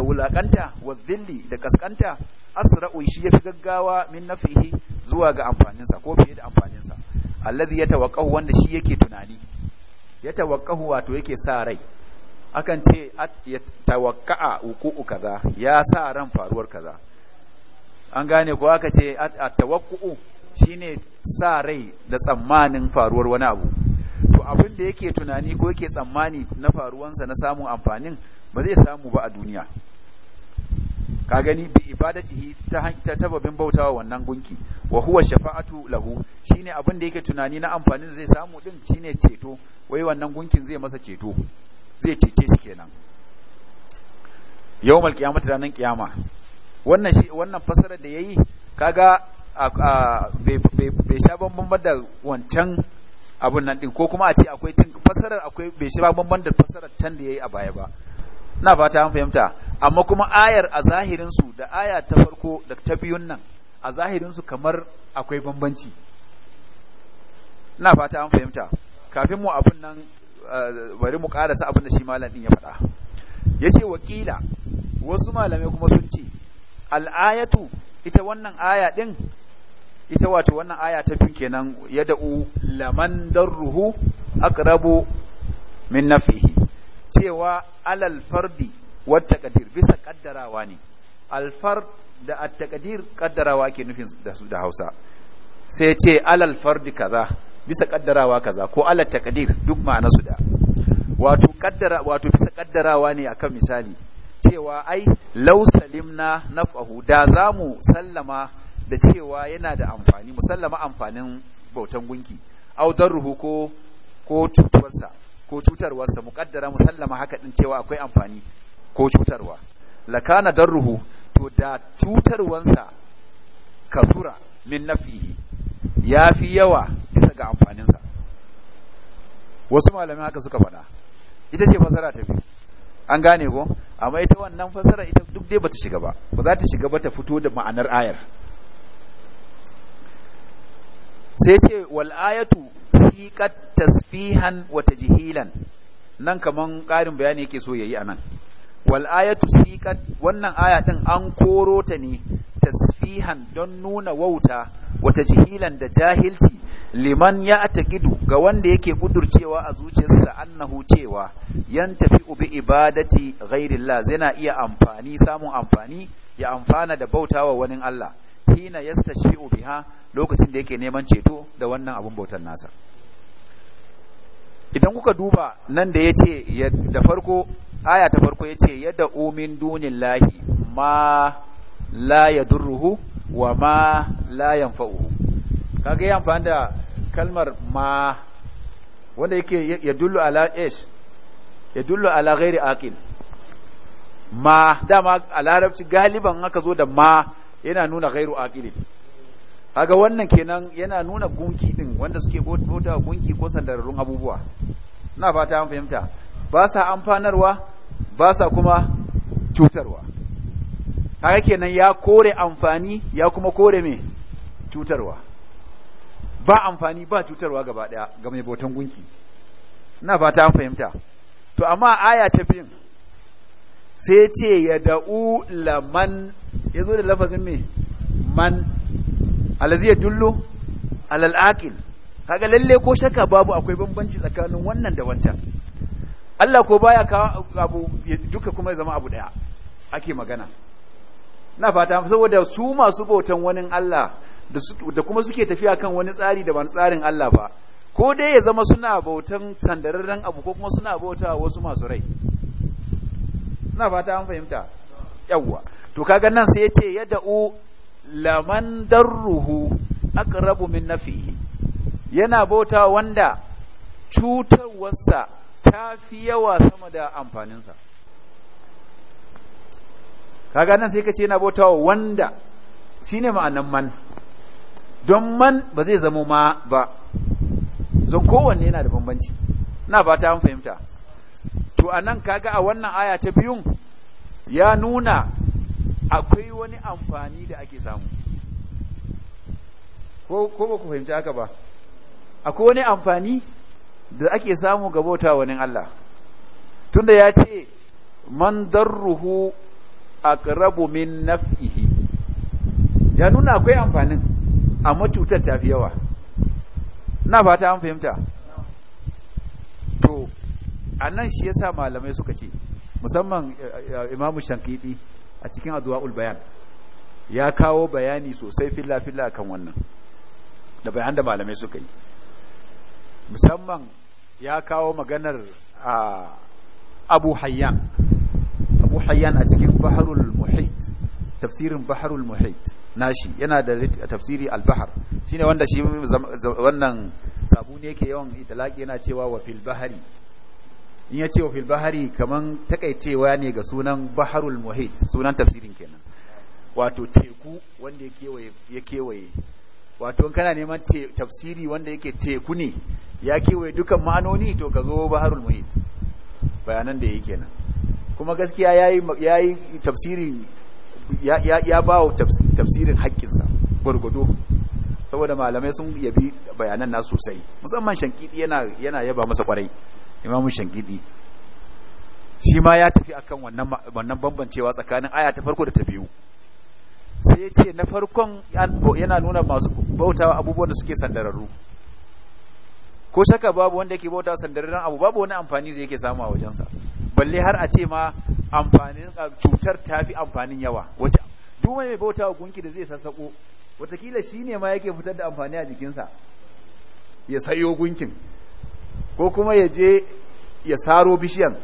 wulakanta wa dhilli da kaskanta asra'u shi yafi gaggawa min nafihi zuwa ga amfaninsa ko fiye da amfaninsa alladhi yatawaqqahu wanda shi yake tunani yatawaqqahu wato yake sa rai akan ce tawakka'a uku kaza ya sa ran faruwar kaza an gane ko aka ce at shine sa rai da tsammanin faruwar wani abu to abin da yake tunani ko yake tsammani na faruwansa na samun amfanin ba zai samu ba a duniya ka gani bi ibadatihi ta ta tababin bautawa wannan gunki wa huwa shafa'atu lahu shine abin da yake tunani na amfanin zai samu din shine ceto wai wannan gunkin zai masa ceto zai cece shi kenan yawmal qiyamati ranan qiyama wannan shi wannan fasara da yayi kaga bai sha bamban da wancan abun nan din ko kuma a ce akwai tin fasarar akwai bai sha bamban da fasarar can da yayi a baya ba na fata an fahimta amma kuma ayar a zahirinsu da aya ta farko da ta biyun nan a zahirinsu kamar akwai bambanci na fata an fahimta kafin mu abin nan eh, bari mu karasa abin da shi malam ɗin ya faɗa Ya ce wakila wasu malamai kuma sun ce al'ayatu ita wannan aya ɗin ita wato wannan aya ta fin kenan ya da'u laman darruhu aqrabu min nafihi cewa alal fardi wata bisa kaddarawa ne alfar da attakadir qaddarawa ke nufin da su da hausa sai ce alal fard kaza bisa qaddarawa kaza ko alal takadir duk ma'ana su da wato qaddara wato bisa ƙaddarawa ne akan misali cewa ai law salimna nafahu da zamu sallama da cewa yana da amfani musallama amfanin bautan gunki au darruhu ko ko tutuwarsa ko cutarwarsa muqaddara musallama haka din cewa akwai amfani ko cutarwa lakana darruhu to da cutarwansa kasura min nafihi ya fi yawa bisa ga amfaninsa wasu malamin haka suka faɗa ita ce fasara ta fi. an gane ko amma ita wannan fasara ita duk dai bata shiga ba ba za ta shiga ba ta fito da ma'anar ayar sai ce wal'ayatu ayatu tasfihan wata jihilan. nan kaman ƙarin bayani yake so yayi anan wal ayatu siqat wannan aya din an koro ta ne tasfihan don nuna wauta wata jihilan da jahilci liman ya atakidu ga wanda yake kudurcewa a zuciyarsa annahu cewa yan tafi ubi ibadati ghairillah zina iya amfani samun amfani ya amfana da bautawa wani Allah hina yastashi'u biha lokacin da yake neman ceto da wannan abun bautar nasa idan kuka duba nan da yace da farko aya ta farko yace yadda umin lahi ma la durruhu wa ma la yanfa'uhu kaga yi amfani da kalmar ma wanda yake dullu ala ish dullu ala ghairi aqil ma dama a larabci galiban aka zo da ma yana nuna gairu akilin. kaga wannan kenan yana nuna gunki din wanda suke bota gunki ko sandararrun abubuwa ina fata an fahimta ba sa amfanarwa ba sa kuma cutarwa haka kenan ya kore amfani ya kuma kore mai cutarwa ba amfani ba cutarwa gaba daya ga mai bautan gunki ina fata an fahimta to amma aya ta sai ce ya da'u laman ya zo da lafazin mai man alazi ya dullo alal'akil kaga lalle ko shakka babu akwai bambanci tsakanin wannan da wancan Allah ko baya kawo abu duka kuma zama abu daya ake magana na fata saboda su masu bautan wani Allah da kuma suke tafiya kan wani tsari da ban tsarin Allah ba ko dai ya zama suna bautan sandararren abu ko kuma suna bauta wasu masu rai na fata an fahimta yawwa to kaga nan sai yace yad'u laman darruhu aqrabu min nafihi yana bauta wanda cutarwarsa ta fi yawa sama da amfaninsa kaga nan sai ka ce yana wa wanda Shi ne ma'anan man don man ba zai zamo ma ba zan kowanne yana da bambanci na ba ta fahimta to a nan kaga a wannan aya ta biyun ya nuna akwai wani amfani da ake samu ko ba ku fahimci haka ba akwai wani amfani da ake samu ga bauta wani Allah tunda ya ce man darruhu aqrabu min naf'ihi ya nuna akwai amfanin amma cutar tafi yawa na fata an fahimta to anan shi yasa malamai suka ce musamman eh, eh, Imam Shankidi a cikin Adwaul Bayan ya kawo bayani sosai filla filla kan wannan da bayan da malamai suka yi musamman ya kawo maganar abu hayyan abu hayyan a cikin baharul muhit tafsirin baharul muhit nashi yana da tafsiri al-bahar shine wanda shi wannan sabuni yake yawan italaki yana cewa wa fil bahari in ya ce wa fil bahari kaman takaicewa ne ga sunan baharul muhit sunan tafsirin kenan wato teku wanda ya kewaye wato kana neman tafsiri wanda yake teku ne ya kewaye dukan ma'anoni to ka zo baharul muhit bayanan da yake kenan kuma gaskiya yayi yayi tafsiri ya ya bawo tafsirin haƙƙinsa gurgudo saboda malamai sun yabi bayanan nasu sosai musamman shankidi yana yaba masa kwarai imamu shankidi shi ma ya tafi akan wannan wannan bambancewa tsakanin aya ta farko da ta biyu sai ya ce na farkon yana nuna masu bautawa abubuwan da suke sandararru ko shaka babu wanda yake bauta sandararren abu babu wani amfani da yake samu a wajensa balle har a ce ma amfanin cutar ta fi amfanin yawa wacce duk mai bauta wa gunki da zai sassaƙo watakila shi ne ma yake fitar da amfani a jikinsa ya sayo gunkin ko kuma ya je ya saro bishiyan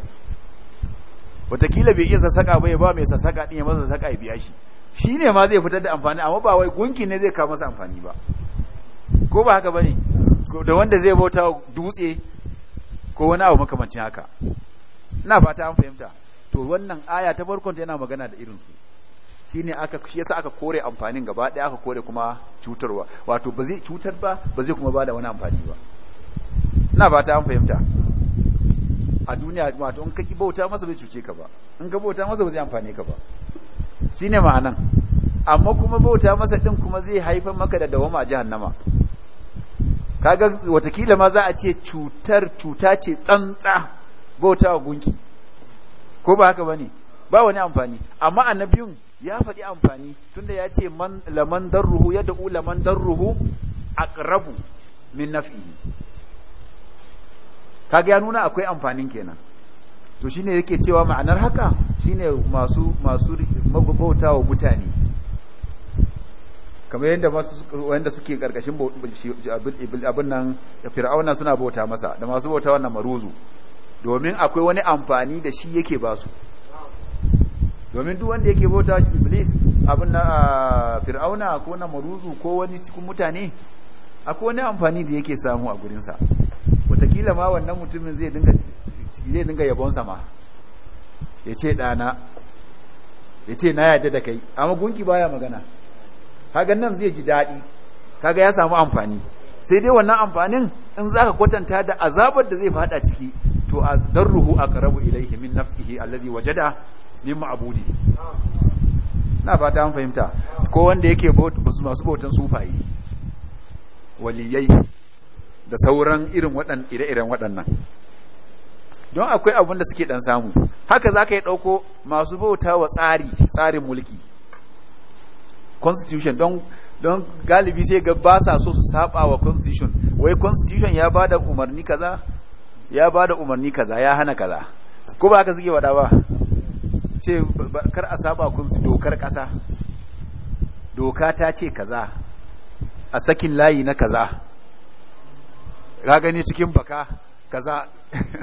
watakila bai iya sassaƙa ba ya ba mai sassaƙa ɗin ya masa sassaƙa ya biya shi shi ne ma zai fitar da amfani amma ba wai gunki ne zai kawo masa amfani ba ko ba haka ba ne da wanda zai bauta dutse ko wani abu makamancin haka ina fata an fahimta to wannan aya ta farkon ta yana magana da irinsu shine aka shi yasa aka kore amfanin gaba daya aka kore kuma cutarwa wato ba zai cutar ba ba zai kuma bada wani amfani ba ina fata an fahimta a duniya wato in ka ki bauta masa bai cuce ka ba in ka bauta masa ba zai amfane ka ba shine ma'anan amma kuma bauta masa din kuma zai haifar maka da dawama a jahannama kaga watakila ma za a ce cutar cuta ce tsantsa bauta wa gunki ko ba haka bane ba wani amfani amma annabiyun ya faɗi amfani tunda ya ce man laman darruhu ya da'u laman darruhu aqrabu min naf'ihi kaga ya nuna akwai amfanin kenan to shine yake cewa ma'anar haka shine masu masu bautawa mutane kamar yadda masu wanda suke karkashin abin nan fir'auna suna bauta masa da masu bauta wannan maruzu domin akwai wani amfani da shi yake ba su domin duk wanda yake bauta shi iblis abin na fir'auna ko na maruzu ko wani cikin mutane akwai wani amfani da yake samu a gurinsa watakila ma wannan mutumin zai dinga zai dinga yabonsa ma ya ce ɗana ya ce na yadda da kai amma gunki baya magana kaga nan zai ji daɗi kaga ya samu amfani sai dai wannan amfanin in zaka kwatanta da azabar da zai fada ciki to azruhu aqrabu ilayhi min nafsihi allazi wajada min ma'budi na fata an fahimta ko wanda yake masu bautan sufaye waliyai da sauran irin waɗan ire-iren waɗannan don akwai abin da suke ɗan samu haka zaka yi ɗauko masu bautawa tsari tsarin mulki constitution don don galibi sai ga ba sa so su saba wa constitution wai constitution ya bada umarni kaza ya bada umarni kaza ya hana kaza ko ba ka suke wada ba ce kar a saba kunsu dokar kasa doka ta ce kaza a sakin layi na kaza ka gani cikin baka kaza <laughs>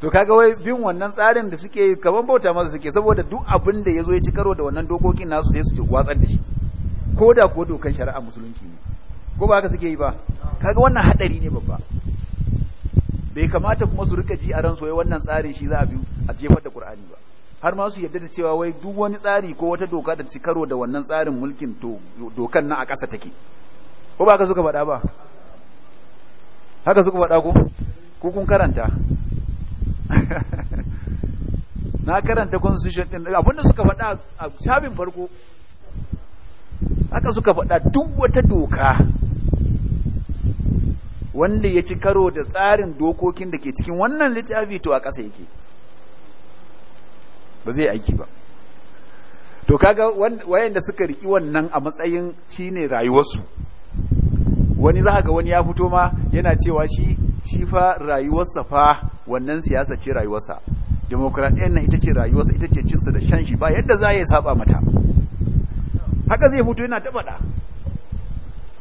to kaga wai bin wannan tsarin da suke kaman bauta masa suke saboda duk abin da yazo ya ci karo da wannan dokokin nasu sai su ji watsar da shi ko da ko dokan shari'a musulunci ne ko ba haka suke yi ba kaga wannan hadari ne babba bai kamata kuma su rika ji a ran soyayya wannan tsarin shi za a biyu a jefar da Qur'ani ba har ma su yarda da cewa wai duk wani tsari ko wata doka da ci karo da wannan tsarin mulkin to dokan nan a ƙasa take ko ba haka suka faɗa ba haka suka faɗa ko ko kun karanta <laughs> na karanta constitution din abinda suka faɗa a shafin farko haka suka faɗa duk wata doka wanda ya ci karo da tsarin dokokin da ke cikin wannan littafi to a ƙasa yake ba zai aiki ba to kaga wayanda suka riki wannan a matsayin shine rayuwarsu wani za ga wani ya fito ma yana cewa shi shi fa rayuwarsa fa wannan siyasa ce rayuwarsa demokradiyyar nan ita ce rayuwarsa ita ce cinsa da shan shi ba yadda za ya saba mata haka zai fito yana ta faɗa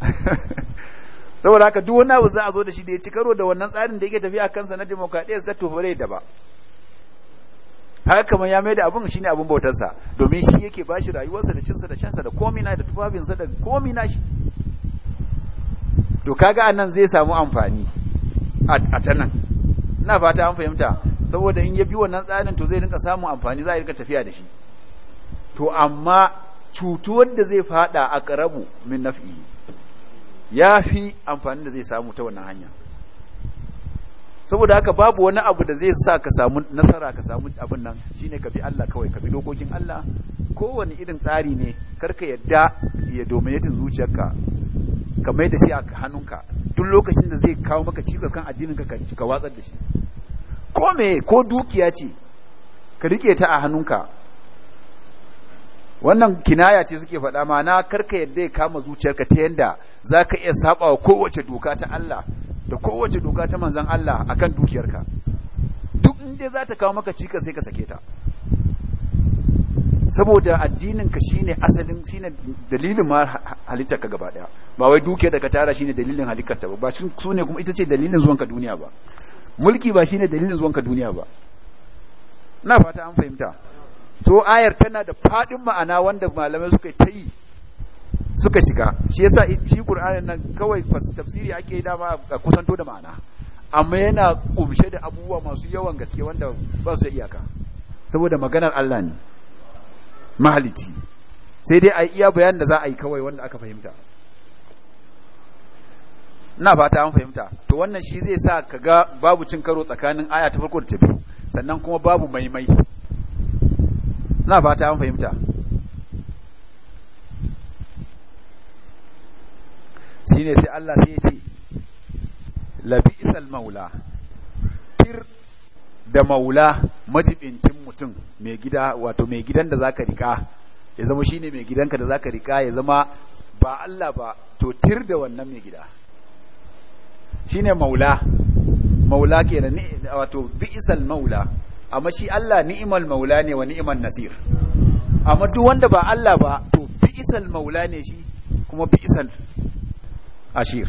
<laughs> saboda haka duk wani abu za a zo da shi da ya ci karo da wannan tsarin da yake tafiya kansa na demokradiyyar sa to bare da ba haka kamar ya mai da abin shine abin bautarsa domin shi yake ba shi rayuwarsa da cinsa da shansa da komina da tufafinsa da komina shi to kaga anan zai samu amfani a ta nan ina fata an fahimta saboda in ya bi wannan tsarin to zai rinka samun amfani za a rinka tafiya da shi to amma cutu wanda zai fada a karabu min naf'i ya fi amfani da zai samu ta wannan hanya saboda haka babu wani abu da zai sa ka samu nasara ka samu abin nan shine ka bi Allah kawai ka bi dokokin Allah kowane irin tsari ne karka yadda ya dominatin zuciyarka ka mai da shi a hannunka duk lokacin da zai kawo maka cikas kan addinin ka ka watsar da shi ko me ko dukiya ce ka rike ta a hannunka wannan kinaya ce suke faɗa ma na karka yadda ya kama zuciyarka ta yanda ka iya saba kowace doka ta Allah da kowace doka ta manzan Allah a kan dukiyarka duk inda za ta kawo maka cika sai ka sake ta saboda addininka shine asalin shine dalilin ma halitta ka gaba daya ba wai dukiyar da ka tara shine dalilin halittarta ba ba su ne kuma ita ce dalilin zuwanka duniya ba mulki ba shine dalilin zuwanka duniya ba na fata an fahimta to ayar tana da fadin ma'ana wanda malamai suka yi ta yi suka shiga shi yasa shi qur'anin nan kawai tafsiri ake yi dama a kusanto da ma'ana amma yana kumshe da abubuwa masu yawan gaske wanda ba su da iyaka saboda maganar Allah ne mahalici sai dai a iya bayanin da za a yi kawai wanda aka fahimta na fata an fahimta to wannan shi zai sa kaga babu cin karo tsakanin aya ta farko da ta biyu sannan kuma babu maimai na fata an fahimta Shi ne sai Allah sai ya ce isal maula fir da maula majibincin mutum mai gida wato mai gidan da zaka rika ya zama shi ne mai gidanka da zaka rika ya zama ba Allah ba to tir da wannan mai gida Shi ne maula maula ke da wato isal maula amma shi Allah ni'imal maula ne wa ni'imal nasir amma duk wanda ba Allah ba to isal maula ne shi kuma isal ashir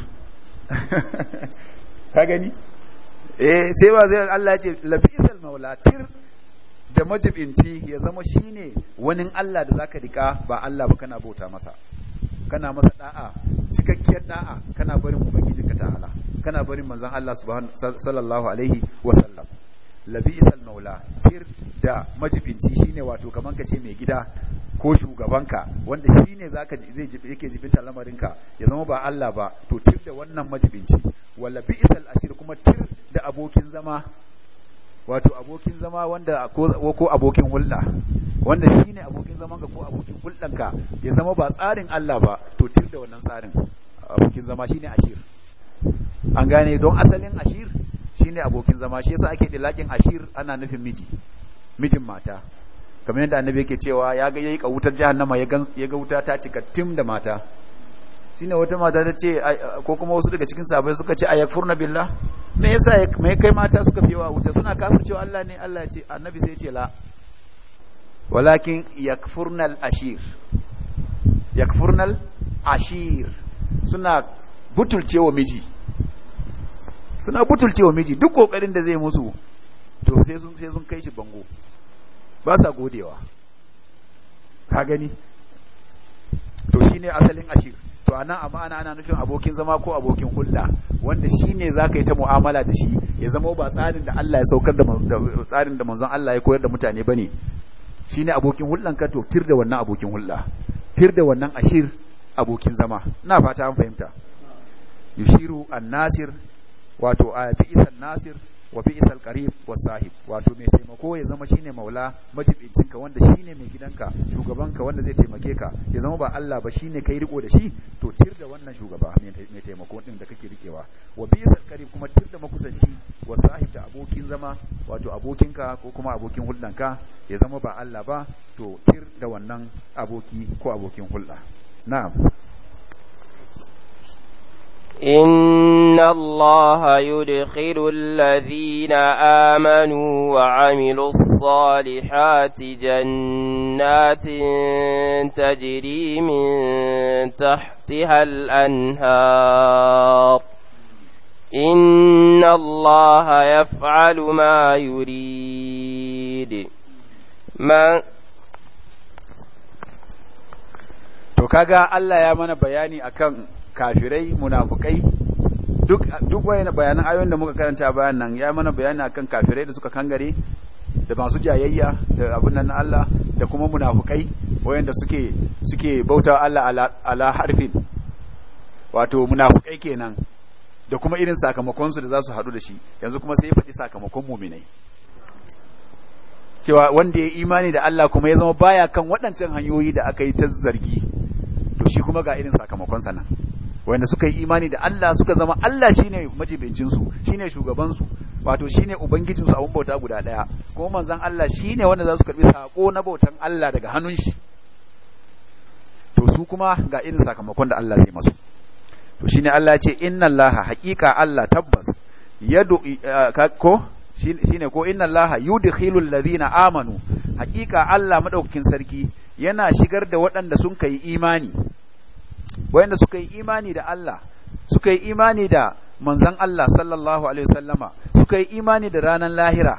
<laughs> ka gani eh sai ba zai Allah ya ce lafisal maula tir da majibinci ya zama shine wani Allah da zaka rika ba Allah ba kana bauta masa kana masa da'a cikakkiyar da'a kana barin ubangiji ka ta'ala kana barin manzon Allah subhanahu sallallahu alaihi wa sallam labisal maula tir da majibinci shine wato kaman kace mai gida ko shugabanka wanda shi ne zaka zai yake jibinta lamarinka ya zama ba Allah ba to tir da wannan majibinci wala bi bi'sal ashir kuma tir da abokin zama wato abokin zama wanda ko abokin hulɗa wanda shi ne abokin zamanka ko abokin hulɗanka ya zama ba tsarin Allah ba to tir da wannan tsarin abokin zama shi ne ashir an gane don asalin ashir shi ne abokin zama shi yasa ake ɗilaƙin ashir ana nufin miji mijin mata kamar yadda annabi yake cewa ya ga yayi kawutar jahannama ya ga wuta ta cika tim da mata shine wata mata ta ce ko kuma wasu daga cikin sahabbai suka ce ayakfurna billah me yasa me kai mata suka fiwa wuta suna kafircewa Allah ne Allah ya ce annabi sai ya ce la walakin yakfurnal ashir yakfurnal ashir suna butulcewa miji suna butulcewa miji duk kokarin da zai musu to sai sun sai sun kai shi bango ba sa godewa ka gani to shine asalin ashir to nan amma ana ana nufin abokin zama ko abokin hulɗa wanda shine ka yi ta mu'amala da shi ya zama ba tsarin da Allah ya saukar da tsarin da manzon Allah ya koyar da mutane ba shi shine abokin hulɗan ka to tir da wannan abokin hulɗa tir da wannan ashir abokin zama ina fata an fahimta yushiru an-nasir wato a bi'is nasir wa bi isal qarib wa sahib wato mai taimako ya zama shine maula majibincinka wanda shine mai gidanka shugabanka wanda zai taimake ka ya zama ba Allah ba shine kai riko da shi to tir da wannan shugaba mai taimako din da kake rikewa wa bi isal qarib kuma tir da makusanci wa sahib da abokin zama wato abokinka ko kuma abokin ka ya zama ba Allah ba to tir da wannan aboki ko abokin hulɗa na'am in إن الله يدخل الذين آمنوا وعملوا الصالحات جنات تجري من تحتها الأنهار إن الله يفعل ما يريد من تكاغا الله يا من بياني bayani كافري kafirai duk duk bayanan ayoyin da muka karanta bayan nan ya mana bayani akan kafirai da suka kangare da masu jayayya da abun nan Allah da kuma munafukai wayanda suke suke bauta Allah ala, harfin wato munafukai kenan da kuma irin sakamakon su da za su haɗu da shi yanzu kuma sai ya faɗi sakamakon muminai cewa wanda ya imani da Allah kuma ya zama baya kan waɗancan hanyoyi da aka yi ta zargi to shi kuma ga irin sakamakon nan. wanda suka yi imani da Allah suka zama Allah shine majibincin shine shugabansu wato shine ubangijinsu su bauta guda daya kuma manzon Allah shine wanda za su karbi sako na bautan Allah daga hannun shi to su kuma ga irin sakamakon da Allah zai masu to shine Allah ya ce inna Allah haqiqa Allah tabbas yadu eh, ko shine ko inna Allah yudkhilul ladina amanu haqiqa Allah madaukakin sarki yana shigar da waɗanda sun kai imani wayanda suka yi imani da Allah suka yi imani da manzan Allah sallallahu alaihi wasallama suka yi imani da ranar lahira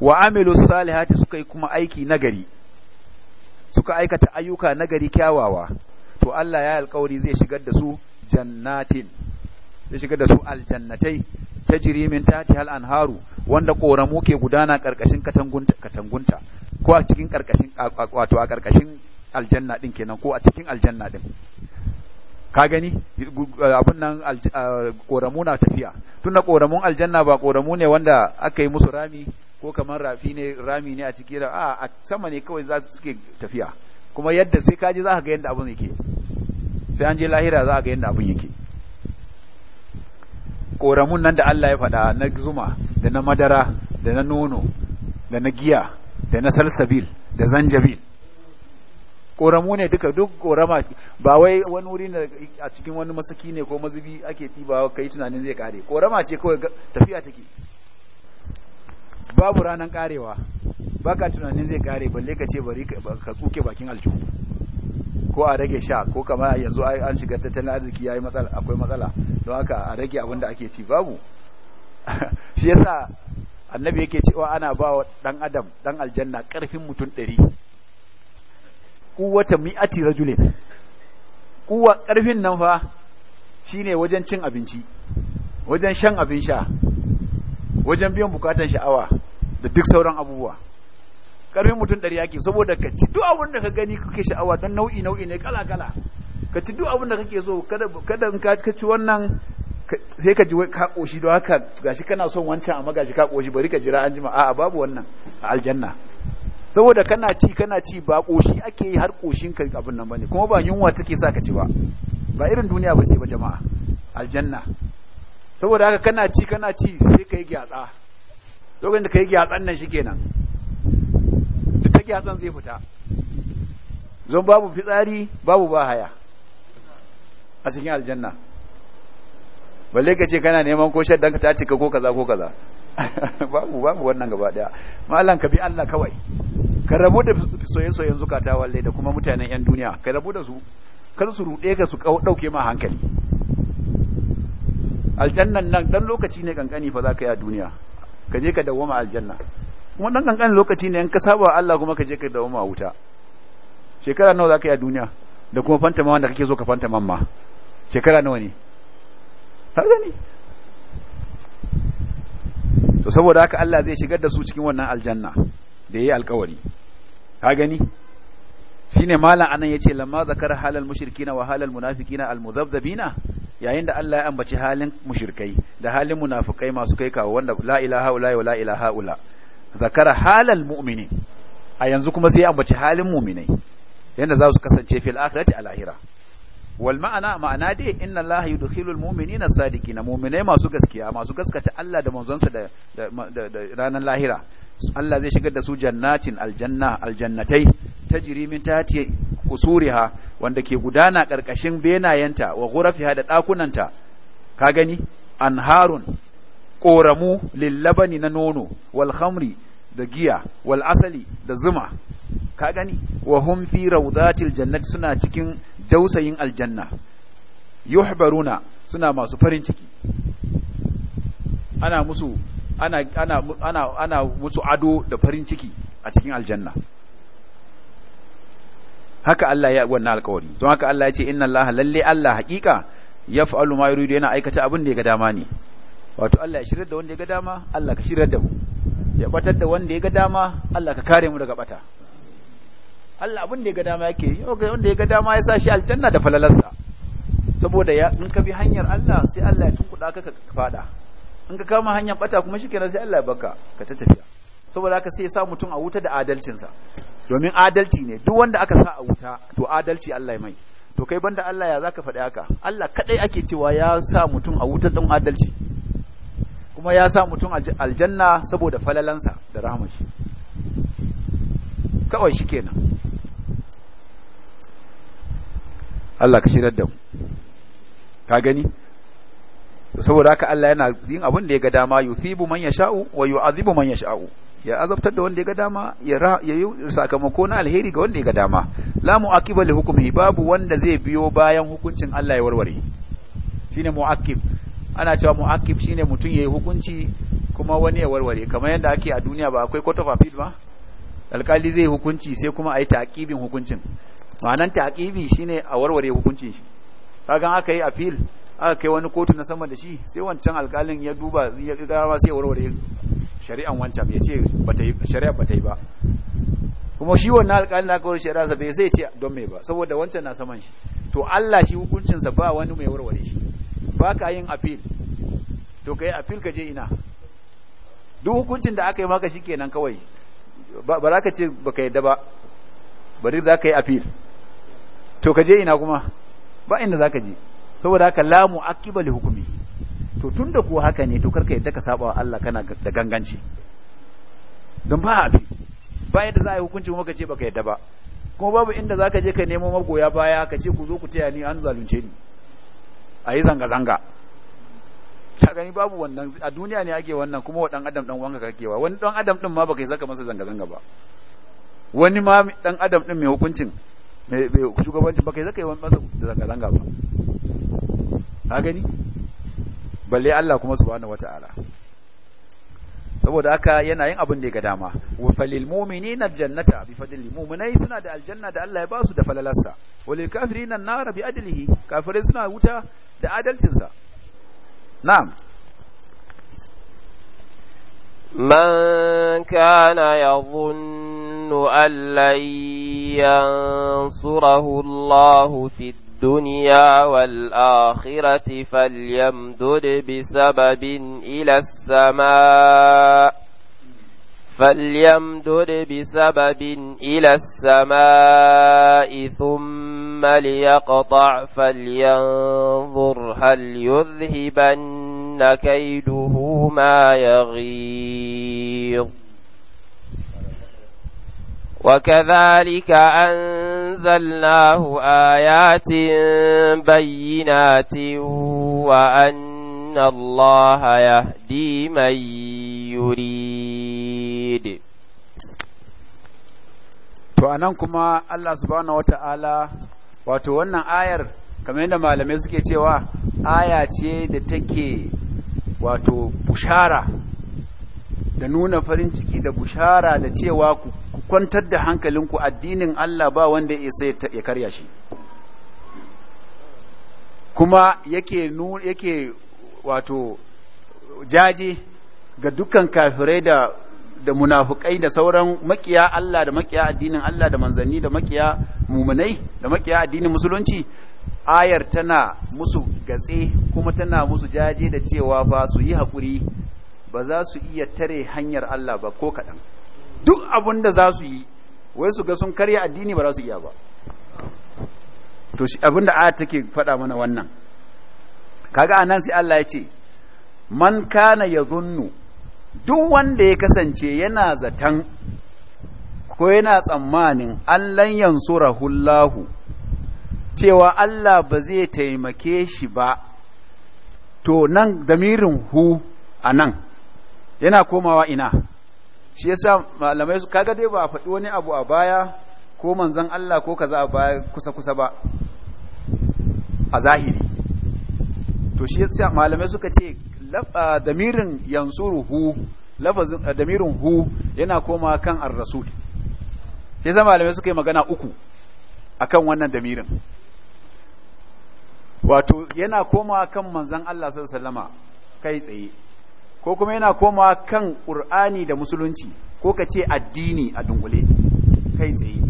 wa amilu salihati suka yi kuma aiki nagari suka aikata ayyuka nagari kyawawa to Allah ya alƙawari zai shigar da su jannatin zai shigar da su aljannatai tajri min tahtiha al-anharu wanda koramu ke gudana karkashin katangunta katangunta ko a cikin karkashin wato a karkashin aljanna din kenan ko a cikin aljanna din ka gani abun nan koramu na tafiya tunda koramun aljanna ba koramu ne wanda aka yi musu rami ko kamar rafi ne rami ne a ciki da a sama ne kawai za su suke tafiya kuma yadda sai kaji za ka ga yadda abun yake sai an je lahira za ka ga yadda abun yake koramun nan da Allah ya faɗa na zuma da na madara da na nono da na giya da na salsabil da zanjabil koramu ne duka duk korama ba wai wani wuri ne a cikin wani masaki ne ko mazubi ake ɗibawa kai tunanin zai kare korama ce kawai tafiya take babu ranan karewa baka tunanin zai kare balle ka ce bari ka tsuke bakin aljihu ko a rage sha ko kama yanzu an shiga tattalin arziki ya yi matsala akwai matsala don haka a rage abin da ake ci babu <laughs> shi yasa annabi yake cewa ana ba wa dan adam dan aljanna karfin mutum ɗari. mi'a mi'ati rajulin kuwa karfin nan fa shine wajen cin abinci wajen shan abin sha wajen biyan bukatan sha'awa da duk sauran abubuwa karfin mutum ɗari yake saboda ka ci duk abin da ka gani kake sha'awa don nau'i nau'i ne kala kala ka ci duk abin da kake so kada kada in ka ci wannan sai ka ji ka koshi don haka gashi kana son wancan amma gashi ka koshi bari ka jira an jima a'a babu wannan a aljanna saboda kana ci kana ci ba koshi ake yi har koshin ka abin nan bane kuma ba yunwa take sa ka ci ba ba irin duniya bace ba jama'a aljanna saboda haka kana ci kana ci sai kai gyatsa lokacin da kai gyatsan nan shikenan da ta gyatsan zai fita zon babu fitsari babu bahaya a cikin aljanna balle ka ce kana neman koshar dan ka ta cika ko kaza ko kaza <laughs> babu babu wannan gaba daya mallan ka bi Allah kawai ka rabu da soyayyen zukata wallahi da kuma mutanen yan duniya ka rabu da su kar su rude ka su dauke ma hankali aljannan nan dan lokaci ne kankani fa zaka yi a duniya ka je ka dawoma aljanna kuma dan kankani lokaci ne in ka saba Allah kuma ka je ka dawoma wuta shekara nawa zaka yi a duniya da kuma fanta ma wanda kake so ka fanta mamma shekara nawa ne ka gani to saboda haka Allah zai shigar da su cikin wannan aljanna da yayi alkawari ka gani shine malam anan yace lamma zakara halal mushrikina wa halal munafiqina almudhabdabina yayin da Allah ya ambaci halin mushrikai da halin munafikai masu kai kawo wanda la ilaha illa wa la ilaha illa zakara halal mu'minin a yanzu kuma sai ya ambaci halin mu'minai yanda za su kasance fil akhirati al wal ma'ana ma'ana dai inna Allah na mu'minina sadiqina mu'minai masu gaskiya masu gaskata Allah da manzonsa da ranar lahira Allah zai shigar da su jannatin aljanna aljannatai tajri min tahti kusuriha wanda ke gudana karkashin benayenta wa ghurafiha da dakunanta ka gani anharun koramu lillabani na nono wal khamri da giya wal asali da zuma ka gani wa hum fi rawdatil jannati suna cikin dausayin aljanna yuhbaruna suna masu farin ciki ana musu ana ana ana ana musu ado da farin ciki a cikin aljanna haka Allah ya wannan alƙawari don haka Allah ya ce inna Allah lalle Allah haƙiƙa yaf'alu ma yuridu yana aikata abin da ya ga dama ne wato Allah ya shirar da wanda ya ga dama Allah ka shirar da mu ya batar da wanda ya ga dama Allah ka kare mu daga bata Allah abin da ya ga dama yake yi wanda ya ga dama ya sa shi aljanna da falalarsa saboda ya in ka bi hanyar Allah sai Allah ya tunkuɗa ka ka fada in ka kama hanyar bata kuma shi kenan sai Allah ya baka ka ta tafiya saboda haka sai ya sa mutum a wuta da adalcinsa domin adalci ne duk wanda aka sa a wuta to adalci Allah ya mai to kai banda Allah ya za ka faɗi haka Allah kaɗai ake cewa ya sa mutum a wuta don adalci kuma ya sa mutum aljanna saboda falalansa da shi kawai shi kenan Allah ka shirar da mu ka gani saboda haka Allah yana yin abin da ya ga dama yuthibu man yasha'u wa yu'adhibu man yasha'u ya azabtar da wanda ya ga dama ya yi sakamako na alheri ga wanda ya ga dama la mu'aqiba li hukmihi babu wanda zai biyo bayan hukuncin Allah ya warware shine mu'aqib ana cewa mu'aqib shine ya yi hukunci kuma wani ya warware kamar yadda ake a duniya ba akwai court of appeal ba alkali zai hukunci sai kuma a yi taƙibin hukuncin ma'anan taƙibi shi ne a warware hukuncin shi kagan aka yi appeal aka kai wani kotu na sama da shi sai wancan alkalin ya duba ya gama sai warware shari'an wancan ya ce shari'a ba ta yi ba kuma shi wannan alkalin na kawar shari'a bai sai ce don mai ba saboda wancan na saman shi to Allah shi hukuncinsa ba wani mai warware shi ba ka yin appeal to ka yi appeal ka je ina duk hukuncin da aka yi maka shi kenan kawai ba za ka ce ba ka yadda ba ba za ka yi afil to ka je ina kuma ba inda za ka je saboda haka lamu akibali hukumi to tun da kuwa haka ne to karka yadda ka saba wa Allah kana da ganganci don ba abi ba yadda za a yi hukunci kuma ka ce ba ka yadda ba kuma babu inda za ka je ka nemo magoya baya ka ce ku zo ku taya ni an zalunce ni a yi zanga-zanga ta gani babu wannan a duniya ne ake wannan kuma wa dan adam dan ka kakewa wani dan adam din ma baka saka masa zanga zanga ba wani ma dan adam din mai hukuncin mai shugabancin baka saka yawan masa zanga zanga ba ka gani balle Allah kuma subhanahu wataala saboda haka yana yin abin da ya ga dama wa falil mu'minina jannata bi fadli mu'minai suna da aljanna da Allah ya basu da falalarsa wa lil kafirina an-nar bi adlihi kafirai suna wuta da adalcinsa نعم من كان يظن أن لن ينصره الله في الدنيا والآخرة فليمدد بسبب إلى السماء فليمدد بسبب إلى السماء ثم ليقطع فلينظر هل يذهبن كيده ما يغيظ وكذلك أنزلناه آيات بينات وأن الله يهدي من يريد daidai to anan kuma Allah subhanahu wata'ala wato wannan ayar kamar yadda malamai suke cewa aya ce da take wato bushara da nuna farin ciki da bushara da cewa ku kwantar da hankalinku addinin Allah ba wanda ya sai ya karya shi kuma yake yake wato jaji ga dukkan kafirai da da munafukai da sauran makiya Allah da makiya addinin Allah da manzanni da makiya mumunai da makiya addinin musulunci ayar tana musu gatse kuma tana musu jaje da cewa ba su yi haƙuri ba za su iya tare hanyar Allah ba ko kaɗan duk abin da za su yi wai su ga sun karya addini ba za su iya ba to shi abin da ayar take faɗa mana wannan kaga anan sai Allah ya ce man kana ya duk wanda ya kasance yana zaton ko yana tsammanin allan yansu hullahu cewa Allah ba zai taimake shi ba to nan damirin hu a nan yana komawa ina shi yasa malamai su kaga dai ba a faɗi wani abu a baya ko manzan Allah ko kaza a baya kusa kusa ba a zahiri to shi yasa malamai suka ce Ah, damirin ruhu lafazin ah, damirin hu yana koma kan ar-rasul sai zama malamai suka yi magana uku akan wannan damirin wato yana koma kan manzon Allah sallallahu alaihi wasallama kai tsaye ko kuma yana koma kan qur'ani da musulunci ko kace addini a dungule kai tsaye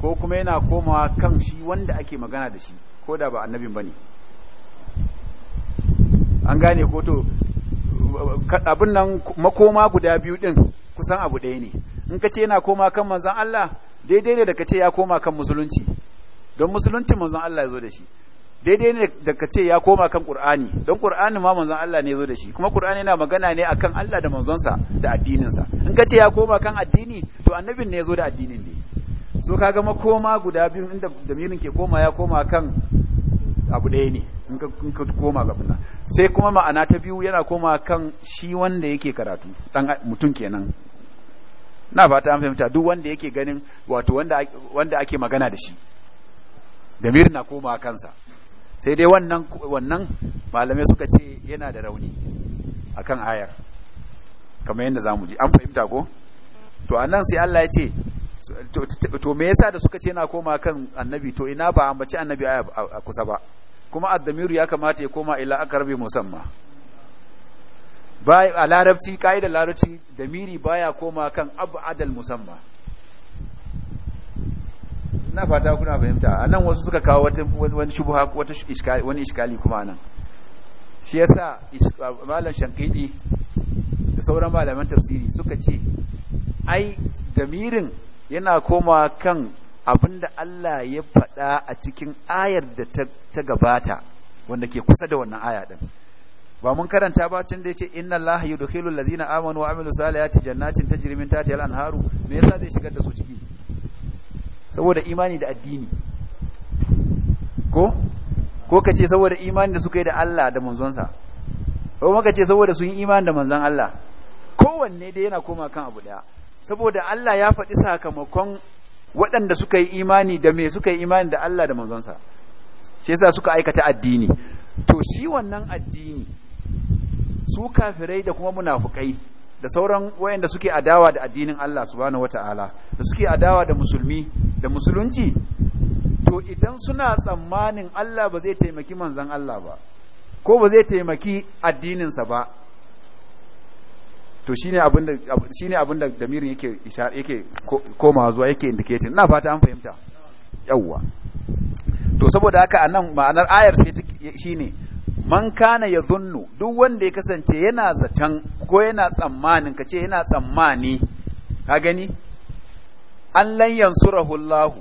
ko kuma yana komawa kan shi wanda ake magana da shi ko da ba annabin bane an gane ko to abin nan makoma guda biyu din kusan abu ɗaya ne in ka ce yana koma kan manzon Allah daidai ne da ka ce ya koma kan musulunci don musulunci manzon Allah ya zo da shi daidai ne da ka ce ya koma kan Qur'ani don Qur'ani ma manzon Allah ne ya zo da shi kuma Qur'ani yana magana ne akan Allah da manzonsa da addininsa in ka ce ya koma kan addini to annabin ne ya zo da addinin ne so kaga makoma guda biyu inda damirin ke koma ya koma kan abu ɗaya ne in ka koma ga nan sai kuma ma'ana ta biyu yana koma kan shi wanda yake karatu dan mutum kenan na ba an fahimta duk wanda yake ganin wato wanda wanda ake magana da shi damir na koma kansa sai dai wannan wannan malamai suka ce yana da rauni akan ayar kamar yadda zamu ji an fahimta ko to anan sai Allah ya ce to me yasa da suka ce yana koma kan annabi to ina ba ambaci annabi a kusa ba kuma addamiru ya kamata ya koma ila akarbi musamma. bai a larabci ka'idar larabci damiri baya koma kan abadal musamma. na fata kuna fahimta anan wasu suka kawo wani shubha wata iskali wani iskali kuma nan shi yasa malam shankidi da sauran malaman tafsiri suka ce ai damirin yana koma kan abin da Allah ya faɗa a cikin ayar da ta gabata wanda ke kusa da wannan aya ɗin ba mun karanta ba can da ce inna Allah yudkhilu lazina amanu wa amilu salihati jannatin tajri min tahtiha al-anharu me yasa zai shigar da su ciki saboda imani da addini ko ko kace saboda imani da suka yi da Allah da manzonsa ko maka ce saboda sun yi imani da manzon Allah kowanne dai yana koma kan abu daya saboda Allah ya faɗi sakamakon waɗanda suka yi imani da me suka yi imani da Allah da manzonsa shi yasa suka aikata addini to shi wannan addini su kafirai da kuma munafukai da sauran wayanda suke adawa da addinin Allah subhanahu wataala da suke adawa da musulmi da musulunci to idan suna tsammanin Allah ba zai taimaki manzan Allah ba ko ba zai taimaki addininsa ba to shine abin da shine abin da damirin yake yake komawa zuwa yake indicating ina fata an fahimta yawwa to saboda haka anan ma'anar ayar sai shine man kana ya zunnu duk wanda ya kasance yana zaton ko yana tsammanin ka ce yana tsammani ka gani an lan yansurahu Allah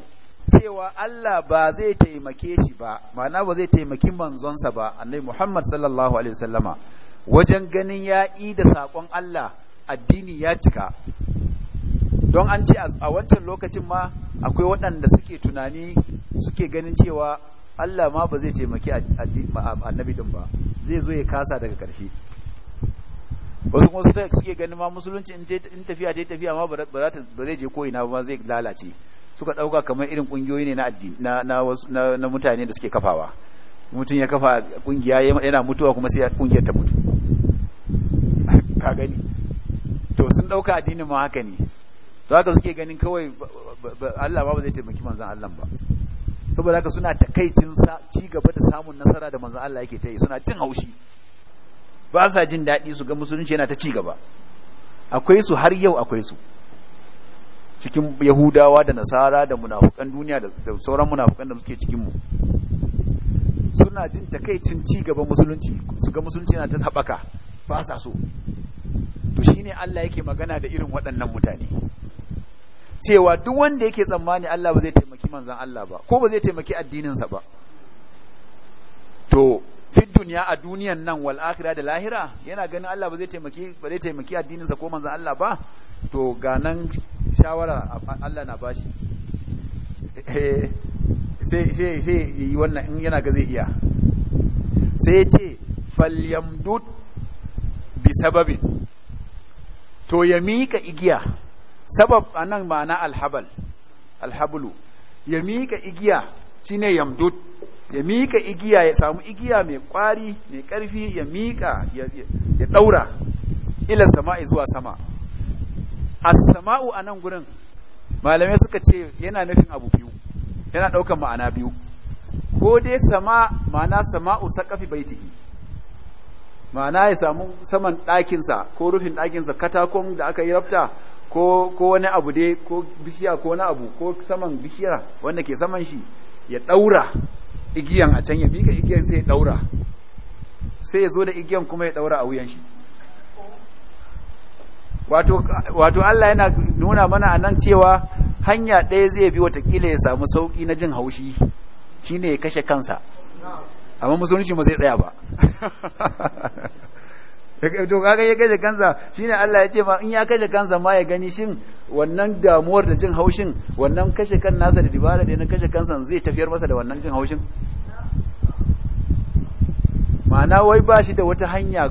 cewa Allah ba zai taimake shi ba ma'ana ba zai taimaki manzonsa ba annabi Muhammad sallallahu alaihi wasallama wajen ganin ya da saƙon Allah addini ya cika don an ce a wancan lokacin ma akwai waɗanda suke tunani suke ganin cewa Allah ma ba zai taimaki annabi din ba zai zo ya kasa daga ƙarshe wasu kuma suke ganin ma musulunci in tafiya ta tafiya ma ba zai je ina ba zai lalace suka ɗauka kamar irin ƙungiyoyi ne na mutane da suke kafawa mutum ya kafa ƙungiya yana mutuwa kuma sai ƙungiyar ta mutu ka gani to sun ɗauka addinin ma haka ne to haka suke ganin kawai Allah ba zai taimaki manzan Allah ba saboda haka suna takaicin ci gaba da samun nasara da manzan Allah yake ta yi suna jin haushi ba sa jin daɗi su ga musulunci yana ta ci gaba akwai su har yau akwai su cikin yahudawa da nasara da munafukan duniya da sauran munafukan da suke cikinmu suna jin takaicin ci gaba musulunci su ga musulunci yana ta haɓaka ba sa so to shine Allah yake magana da irin waɗannan mutane cewa duk wanda yake tsammani Allah ba zai taimaki manzan Allah ba ko ba zai taimaki addininsa ba to fit duniya a duniyan nan wal akhirah da lahira yana ganin Allah ba zai taimaki addininsa ko manzan Allah ba to ga nan shawara Allah na bashi eh, sai sai yi wannan in yana ga zai iya sai ya ce falyamdud bi sababin to ya mika igiya sabab a nan ma'ana alhabal alhablu ya mika igiya shine yamdud ya mika igiya ya samu igiya mai ƙwari mai ƙarfi ya miƙa ya ɗaura ila sama'i zuwa sama as-sama'u anan gurin malamai suka ce yana nufin abu biyu yana ɗaukan ma'ana biyu ko dai sama ma'ana sama'u saƙafi baitihi ma'ana ya samu saman ɗakinsa ko rufin ɗakinsa katakon da aka yi rafta ko wani abu dai ko bishiya ko wani abu ko saman bishiya wanda ke saman shi ya ɗaura igiyan a can ya ka igiyan sai ya ɗaura sai ya zo da igiyan kuma ya ɗaura a wuyan shi wato Allah yana nuna mana a nan cewa hanya ɗaya zai bi watakila ya samu sauƙi na jin haushi shine ya kashe kansa amma musulunci ba zai tsaya ba <laughs> to kaga ya kaje kansa shine Allah ya ce ma in ya kaje kansa ma ya gani shin wannan damuwar da jin haushin wannan kashe kan nasa da dibara da na kashe kansa zai tafiyar masa da wannan jin haushin ma'ana wai ba shi da wata hanya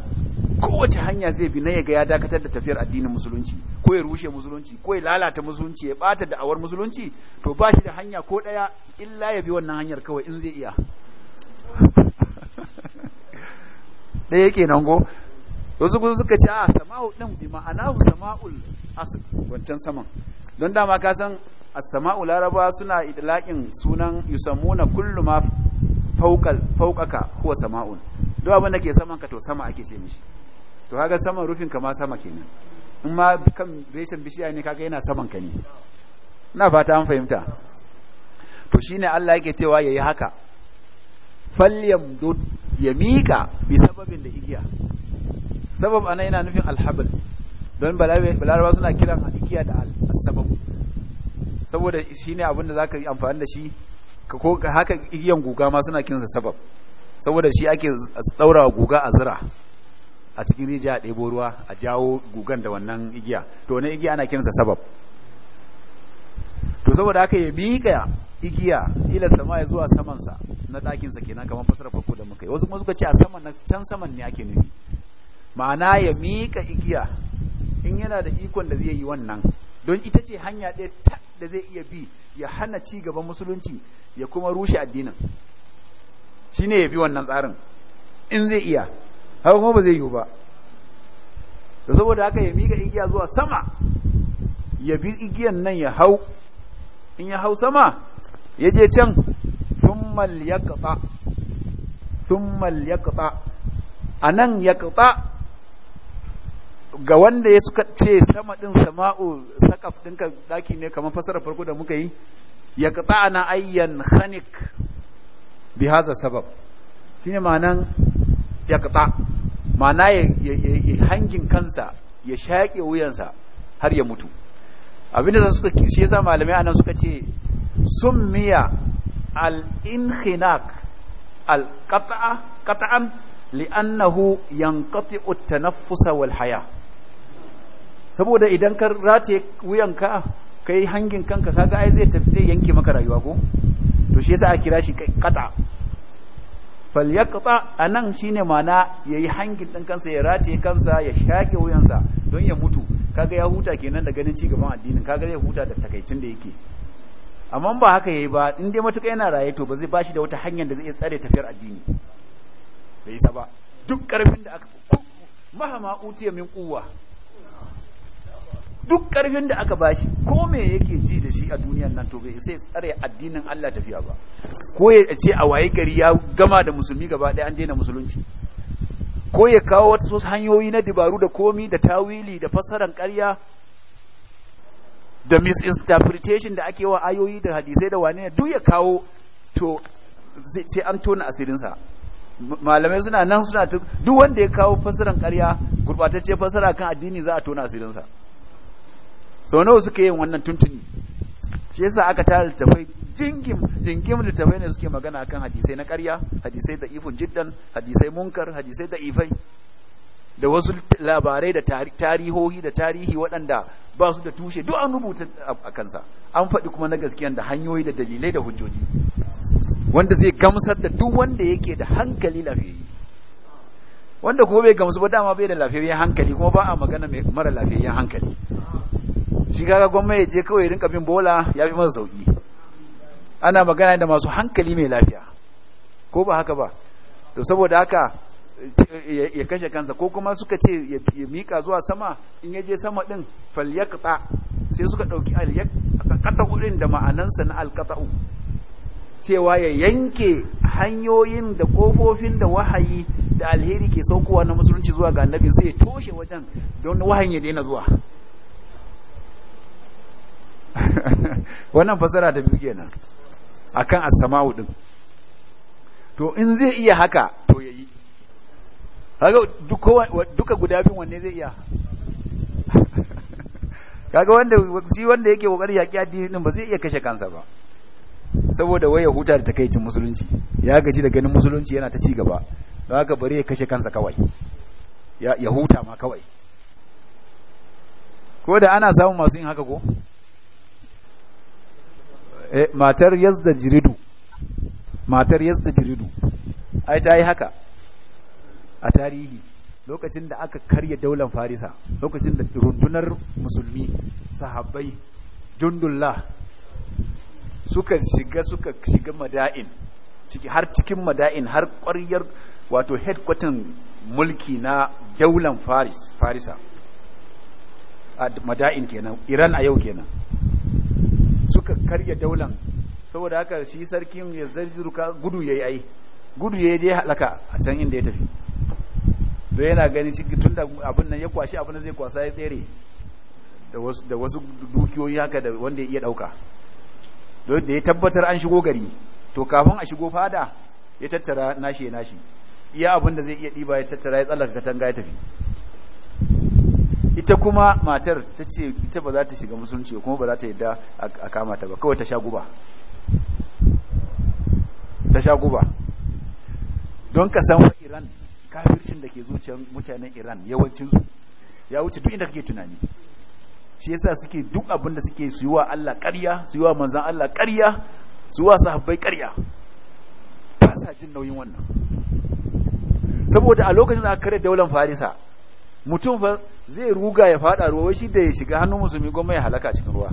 kowace hanya zai bi na yaga ya dakatar da tafiyar addinin musulunci ko ya rushe musulunci ko ya lalata musulunci ya bata da'awar musulunci to ba shi da hanya ko daya illa ya bi wannan hanyar kawai in zai iya ɗaya kenan go wasu kuma suka ce a ah, sama'u din bi ma'ana hu sama'ul asl wancan saman don dama ka san as-sama'u laraba suna idlaqin sunan yusammuna kullu ma fawqal fawqaka huwa sama'un duk abin da ke saman ka to sama ake ce mishi to kaga saman rufin ka ma sama kenan in ma kan reshen bishiya ne kaga yana saman ka ne ina fata an fahimta to shi ne Allah yake cewa yi haka don ya miƙa bi sababin da igiya sabab ana yana nufin alhabal don balarawa suna kiran igiya da sabab saboda shi ne abinda za yi amfani da shi ko haka igiyan guga ma suna kinsa sabab saboda shi ake ɗaura guga a zira a cikin rijiya a ɗebo ruwa a jawo gugan da wannan igiya to wani igiya ana kinsa sabab to saboda haka ya miƙa igiya ila sama ya zuwa samansa na ɗakinsa kenan kamar fasarar farko da muka yi wasu kuma suka ce a saman na can saman ne ake nufi ma'ana ya miƙa igiya in yana da ikon da zai yi wannan don ita ce hanya ɗaya ta da zai iya bi ya hana ci gaban musulunci ya kuma rushe addinin Shi ne ya bi wannan tsarin in zai iya haka kuma ba zai yiwu ba da saboda haka ya miƙa igiya zuwa sama ya bi igiyan nan ya hau in ya hau sama ya je can ya ya kaɓa a nan ya kaɓa ga wanda ya suka ce sama ɗin sama'u sakaf ɗinka ɗaki ne kamar fasara farko da muka yi ya kaɓa na ayyan hannik bi haza sabab ne ma'anan kaɓa ma'ana ya hangin kansa ya shaƙe wuyansa har ya mutu abinda suka shi yasa malamai anan suka ce summiya al-inkhinak al-qat'a qat'an li'annahu yanqati'u at-tanaffus wal haya saboda idan ka rataye wuyanka kai hangin kanka kaga ai zai tafi zai yanke maka rayuwa ko to shi yasa a kira shi qat'a yaqta anan shine mana yayi hangin din kansa ya rataye kansa ya shake wuyansa don ya mutu kaga ya huta kenan da ganin ci gaban addinin kaga zai huta da takaicin da yake amma ba haka yayi ba in dai matuƙa yana raye to ba zai bashi da wata hanyar da zai tsare tafiyar addini bai isa ba duk ƙarfin da aka mahama utiya min kuwa duk ƙarfin da aka bashi ko me yake ji da shi a duniyar nan to bai sai tsare addinin Allah tafiya ba ko ya ce a waye gari ya gama da musulmi gaba ɗaya an daina musulunci ko ya kawo wasu hanyoyi na dabaru da komi da tawili da fassaran ƙarya da misinterpretation da ake wa ayoyi da hadisai da wane duk ya kawo to sai an tona asirinsa malamai suna nan suna duk wanda ya kawo fassaran karya gurbatacce fassara kan addini za a tona asirinsa sau nawa suka yi wannan tuntuni shi yasa aka tara littafai jingim jingim littafai ne suke magana kan hadisai na ƙarya hadisai da ifun jiddan hadisai munkar hadisai da ifai da wasu labarai da tarihohi da tarihi waɗanda ba su da tushe duk an rubuta a kansa an faɗi kuma na gaskiya da hanyoyi da dalilai da hujjoji wanda zai gamsar da duk wanda yake da hankali lafiyayye wanda kuma bai gamsu ba dama bai da lafiyayyen hankali kuma ba a magana mai mara lafiyayyen hankali Shiga ga gwamnati ya je kawai rinka bin bola ya fi masa sauki ana magana da masu hankali mai lafiya ko ba haka ba to saboda haka ya kashe kansa ko kuma suka ce ya mika zuwa sama in ya je sama din falyakta sai suka dauki alyakta kudin da ma'anansa na alqata'u cewa ya yanke hanyoyin da kofofin da wahayi da alheri ke saukowa na musulunci zuwa ga annabi sai ya toshe wajen don wahayin ya daina zuwa <laughs> wannan fasara da biyu kenan akan as-sama'u din to in zai iya haka to yayi kaga duka guda biyun wanne zai iya <laughs> kaga wanda shi wanda yake kokari yaki addini din ba zai iya kashe kansa ba saboda waya huta da takeicin musulunci ya gaji da ganin musulunci yana ta ci gaba don haka bari ya kashe kansa kawai ya huta ma kawai ko da ana samun masu yin haka ko Eh, matar yazda jiridu matar yazda jiridu ai ta yi haka a tarihi lokacin da aka karya daular farisa lokacin da rundunar musulmi sahabbai jundullah suka shiga suka shiga mada'in ciki har cikin mada'in har ƙwaryar wato headquarter mulki na daular faris farisa a mada'in kenan iran a yau kenan karya daular saboda haka shi sarkin ya zarzuka gudu ya yi ai gudu ya je halaka a can inda ya tafi to yana gani shi da abin nan ya kwashi abin da zai kwasa ya tsere da wasu da wasu dukiyoyi haka da wanda ya iya dauka don da ya tabbatar an shigo gari to kafin a shigo fada ya tattara nashi ya nashi iya abin da zai iya diba ya tattara ya tsallaka katanga ya tafi ita kuma matar ta ce ita ba za ta shiga musulunci kuma ba za ta yadda a kama ta ba kawai ta sha guba ta sha guba don ka san wa iran kafircin da ke zuciyar mutanen iran yawancinsu ya wuce duk inda kake tunani shi yasa suke duk abin da suke su yi wa allah ƙarya su yi wa manzan allah ƙarya su wa sahabbai ƙarya ba sa jin nauyin wannan saboda a lokacin da aka karya daular farisa mutum fa zai ruga ya fada ruwa wai shi da ya shiga hannun musulmi goma ya halaka cikin ruwa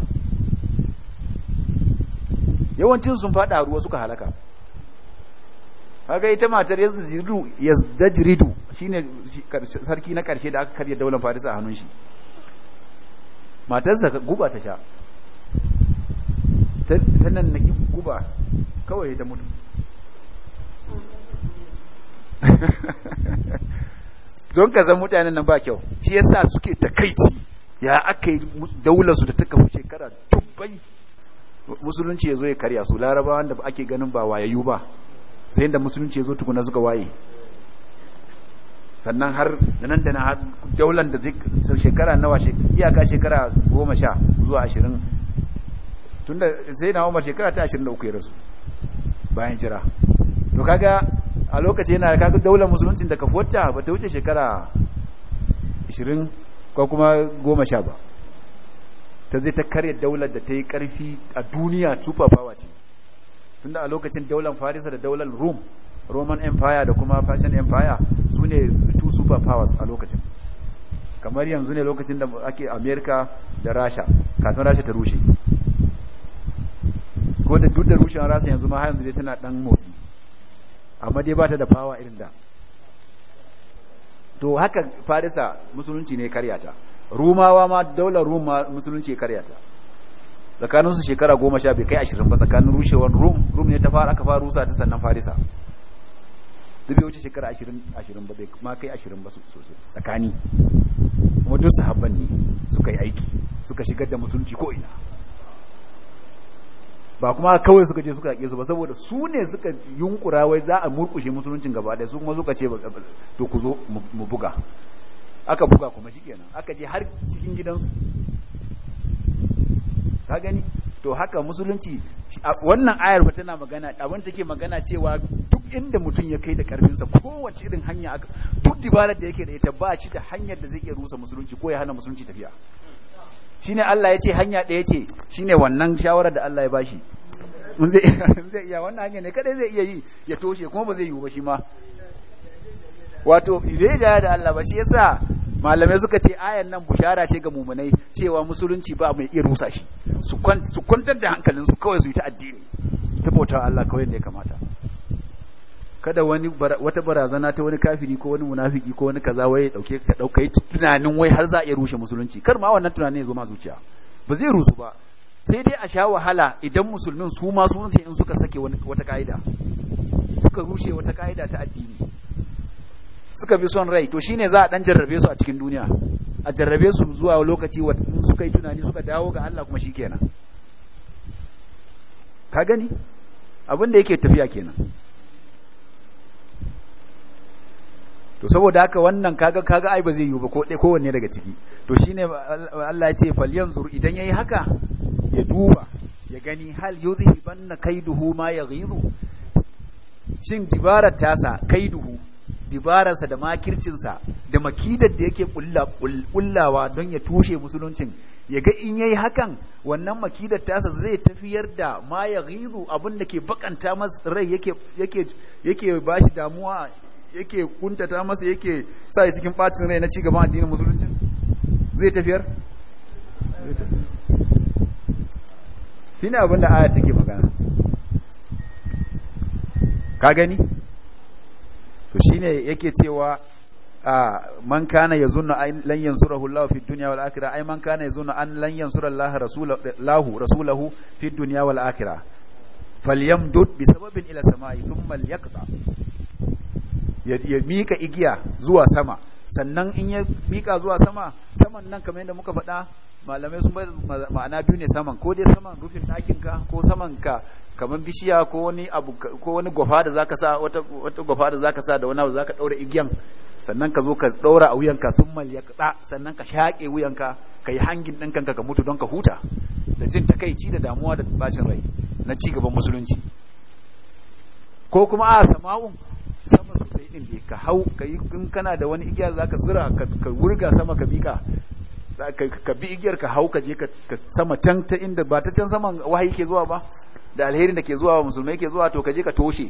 yawancin sun fada ruwa suka halaka haka ita matar yazdajridu shi shine sarki na karshe da aka karya daular Faris a hannun shi matarsa guba ta sha ta nan na guba kawai ta mutu <laughs> don ka zan mutanen nan ba kyau shi yasa suke takaici ya aka yi daular su da ta kafa shekara dubbai musulunci ya zo ya karya su larabawan da ake ganin ba wayayyu ba sai da musulunci ya zo tukuna suka waye sannan har da nan da na daular da zai shekara nawa iyaka shekara goma sha zuwa ashirin tunda sai na umar shekara ta ashirin da uku ya rasu bayan jira to kaga a lokaci yana kaga daular musulunci da kafuwarta ba ta wuce shekara 20 ko kuma 10 ba ta zai ta karya daular da ta yi karfi a duniya super power ce tunda a lokacin daular farisa da daular rome roman empire da kuma fashion empire su ne two super powers a lokacin kamar yanzu ne lokacin da ake america da rasha kafin rasha ta rushe ko da duk da rushen rasha yanzu ma har yanzu dai tana dan motsi amma dai ba ta da fawa irin da to haka farisa musulunci ne karyata rumawa ma daular rum musulunci karyata tsakanin su shekara goma sha bai kai ashirin ba tsakanin rushewar rum rum ne ta fara aka fara rusa ta sannan farisa duk bai wuce shekara ashirin ashirin ba bai ma kai ashirin ba sosai tsakani kuma duk sahabban ne suka yi aiki suka shigar da musulunci ko ina ba kuma kawai suka je suka yake su ba saboda su ne suka yunkura wai za a murkushe musuluncin gaba da su kuma suka ce to ku zo mu buga aka buga kuma kenan aka je har cikin gidansu ka gani to haka musulunci wannan ayar ba tana magana abin take magana cewa duk inda mutum ya kai da karfinsa kowace irin hanya duk dibarar da yake da ita ba shi da hanyar da zai iya rusa musulunci ko ya hana musulunci tafiya shine Allah ya ce hanya ɗaya ce shine wannan shawarar da Allah ya bashi mun <laughs> iya wannan hanya ne kadai zai iya yi ya toshe kuma ba zai yi ba shi ma wato bai jaya da Allah ba shi yasa malamai suka ce ayan nan bushara ce ga mumunai cewa musulunci ba mai iya rusa shi su kwantar da hankalinsu kawai su yi ta addini ta bautar Allah kawai da ya kamata kada wani wata barazana ta wani kafiri ko wani munafiki ko wani kaza waye dauke ka dauke tunanin wai har za a iya rushe musulunci kar ma wannan tunanin ya zo ma zuciya ba zai rusu ba sai dai a sha wahala idan musulmin su ma su in suka sake wata ka'ida suka rushe wata ka'ida ta addini suka bi son rai to shine za a dan jarrabe su a cikin duniya a jarrabe su zuwa lokaci wanda suka yi tunani suka dawo ga Allah kuma shikenan ka gani abin da yake tafiya kenan to saboda haka wannan kaga kaga ai ba zai yiwu ba ko dai kowanne daga ciki to shine Allah ya ce falyanzur idan yayi haka ya duba ya gani hal banna kaiduhu ma yaghiru shin dibarar tasa kaiduhu dibararsa da makircinsa da makidar da yake kullawa don ya tushe musuluncin ya ga in yayi hakan wannan makidar tasa zai tafiyar da ma ya abinda abin da ke bakanta masa rai yake yake yake bashi damuwa yake kuntata masa yake sa shi cikin bacin rai na ci gaban addinin musulunci zai tafiyar shine abin da aya take magana ka gani to shine yake cewa man kana yazunna an lan yansurahu Allah fi dunya wal akhirah ai man kana yazunna an lan yansura Allah rasulahu rasulahu fi dunya wal akhirah falyamdud bi sababin ila samai thumma liyaqta ya mika igiya zuwa sama sannan in ya miƙa zuwa sama saman nan kamar yadda muka faɗa malamai sun bai ma'ana biyu ne saman ko dai saman rufin ɗakinka ko saman ka kamar bishiya ko wani abu ko wani gwafa da zaka sa wata wata gwafa da zaka sa da wani abu zaka daura igiyan sannan ka zo ka daura a wuyanka sun malyaqda sannan ka shaƙe wuyanka kai hangin ɗin kanka ka mutu don ka huta da jin takaici da damuwa da bacin rai na cigaban musulunci ko kuma a sama'un din da ka hau ka yi in kana da wani igiya ka zira ka wurga sama ka bika ka bi igiyar ka hau ka je ka sama can ta inda ba ta can saman wahayi ke zuwa ba da alherin da ke zuwa wa musulmai ke zuwa to ka je ka toshe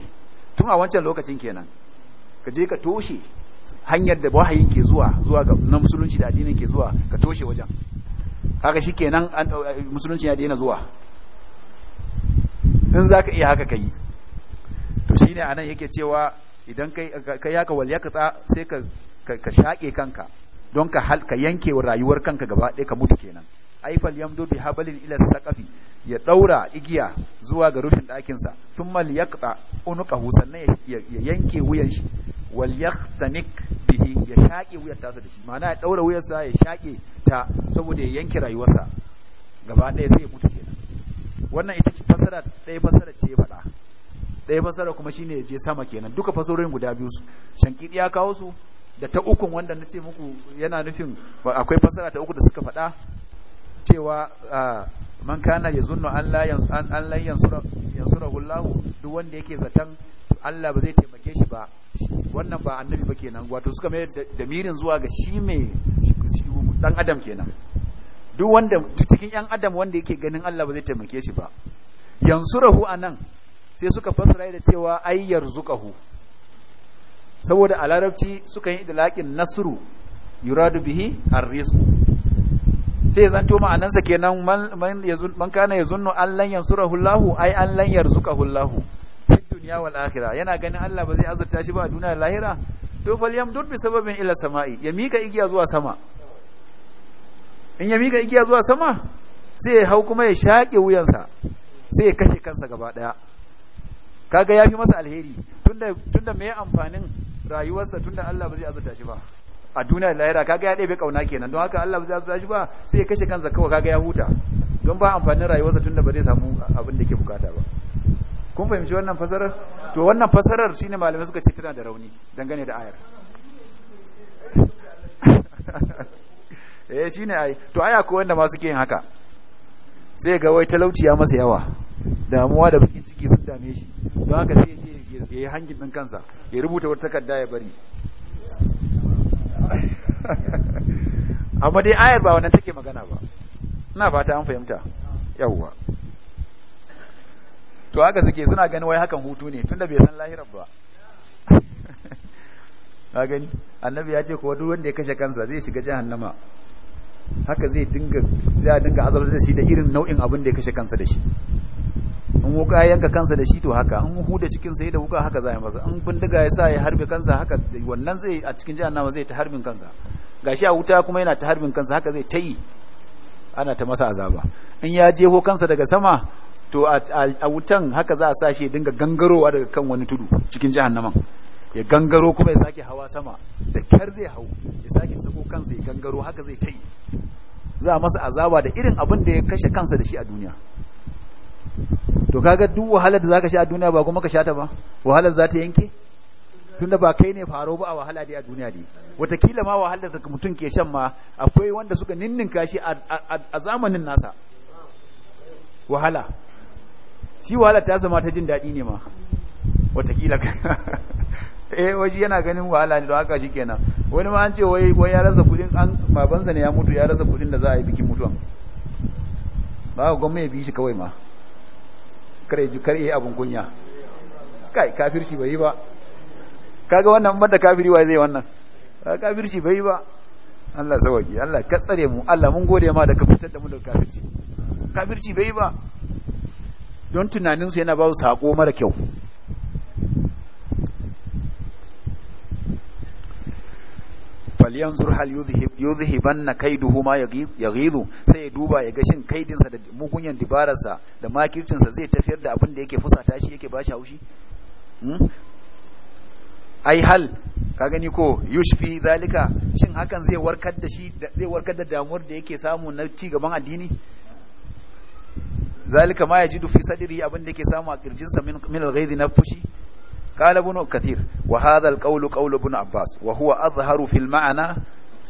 tun a wancan lokacin kenan ka je ka toshe hanyar da wahayin ke zuwa zuwa ga na musulunci da addinin ke zuwa ka toshe wajen haka shi kenan musulunci ya daina zuwa in za ka iya haka ka yi to shi ne a nan yake cewa idan ka yaka ka sai ka shaƙe kanka don ka halka yanke rayuwar kanka gaba ɗaya ka mutu kenan aifal yamdo bi habalin ila saqafi ya daura igiya zuwa ga rufin ɗakin sa thumma liyaqta unuqahu sannan ya yanke wuyan shi wal bihi ya shaƙe wuyar tasa da shi ma'ana ya daura wuyar sa ya shaƙe ta saboda ya yanke rayuwarsa sa gaba ɗaya sai ya mutu kenan wannan ita ce fasara ɗaya fasara ce faɗa ɗaya fasara kuma shine ya je sama kenan duka fasarorin guda biyu su shankidi ya kawo su da ta ukun wanda na ce muku yana nufin akwai fasara ta uku da suka faɗa cewa man kana ya zunnu an yanzu yansurahu Allah duk wanda yake zaton Allah ba zai taimake shi ba wannan ba annabi ba kenan wato suka mai mirin zuwa ga shi mai dan adam kenan duk wanda cikin yan adam wanda yake ganin Allah ba zai taimake shi ba yansurahu anan sai suka fasara da cewa ayyar zukahu saboda a larabci suka yi idlaqin nasru yuradu bihi arrizq sai zanto ma'anansa kenan man man kana zunnu an lan sura hullahu ai an lan yarzuqahu Allahu fid wal lahira yana ganin Allah ba zai azurta shi ba a duniya lahira to falyamdud bi sababin ila sama'i ya mika igiya zuwa sama in ya mika igiya zuwa sama sai ya hau kuma ya shaƙe wuyansa sai ya kashe kansa gaba ɗaya kaga fi masa alheri tunda tunda me amfanin rayuwarsa tunda Allah ba zai azurta shi ba a duniya da lahira kaga ya ɗebe ƙauna kenan don haka Allah ba zai azurta shi ba sai ya kashe kansa kawai kaga ya huta don ba amfanin rayuwarsa tunda ba zai samu abin da ke bukata ba kun fahimci wannan fasarar to wannan fasarar shine malamai suka ce tana da rauni dangane da ayar <laughs> eh shine ai to aya ko wanda ma suke yin haka sai ga wai talauci ya masa yawa damuwa da bakin ciki sun dame shi don haka sai ya yi hangin ɗin kansa ya rubuta wata takarda ya bari <laughs> amma dai ayar ba wannan take magana ba ina fata an fahimta yawwa to haka suke suna ganin wai hakan hutu ne tunda bai san lahirar ba <laughs> gani annabi ya ce kuwa duk wanda ya kashe kansa zai shiga jahannama haka zai dinga za dinga azabtar da shi da irin nau'in abin da ya kashe kansa da shi in wuka ya yanka kansa da shi to haka in huda cikin sa da wuka haka za yi masa in bindiga ya sa ya harbe kansa haka wannan zai a cikin jahannama zai ta harbin kansa gashi a wuta kuma yana ta harbin kansa haka zai ta yi ana ta masa azaba in ya jeho kansa daga sama to a wutan haka za a sa shi ya dinga gangarowa daga kan wani tudu cikin jahannaman ya gangaro kuma ya sake hawa sama da kyar zai hau ya sake sako kansa ya gangaro haka zai ta yi za a masa azaba da irin abin da ya kashe kansa da shi a duniya to kaga duk wahalar da zaka sha a duniya ba kuma ka sha ta ba wahalar za ta yanke tunda ba kai ne faro ba a wahala dai a duniya dai watakila ma wahalar da mutum ke shan ma akwai wanda suka ninninka shi a zamanin nasa wahala shi wahalar ta zama ta jin daɗi ne ma watakila <laughs> eh waje yana ganin wahala ne don haka shikenan wani ma an ce wai wai ya rasa kudin an babansa ne ya mutu ya rasa kudin da za a yi bikin mutuwan ba ga gwamnati bi shi kawai ma kare ji kare abun kunya kai kafirci bai yi ba kaga wannan da kafiri wai zai wannan kafirci bai yi ba Allah sawaki Allah ka tsare mu Allah mun gode ma da ka fitar da mu daga kafirci kafirci bai yi ba don tunaninsu yana ba su sako mara kyau falyanzur hal yuzhibanna kaiduhu ma yaghidu sai ya duba ya ga shin kaidinsa da mugunyan sa da sa zai tafiyar da abin da yake fusata shi yake bashi haushi hmm? ai hal ka gani ko yushfi zalika shin hakan zai warkar da shi zai warkar da damuwar da yake samu na ci gaban addini zalika ma yajidu fi sadri abin da yake samu a kirjinsa min al na fushi قال ابن كثير وهذا القول قول ابن عباس وهو أظهر في المعنى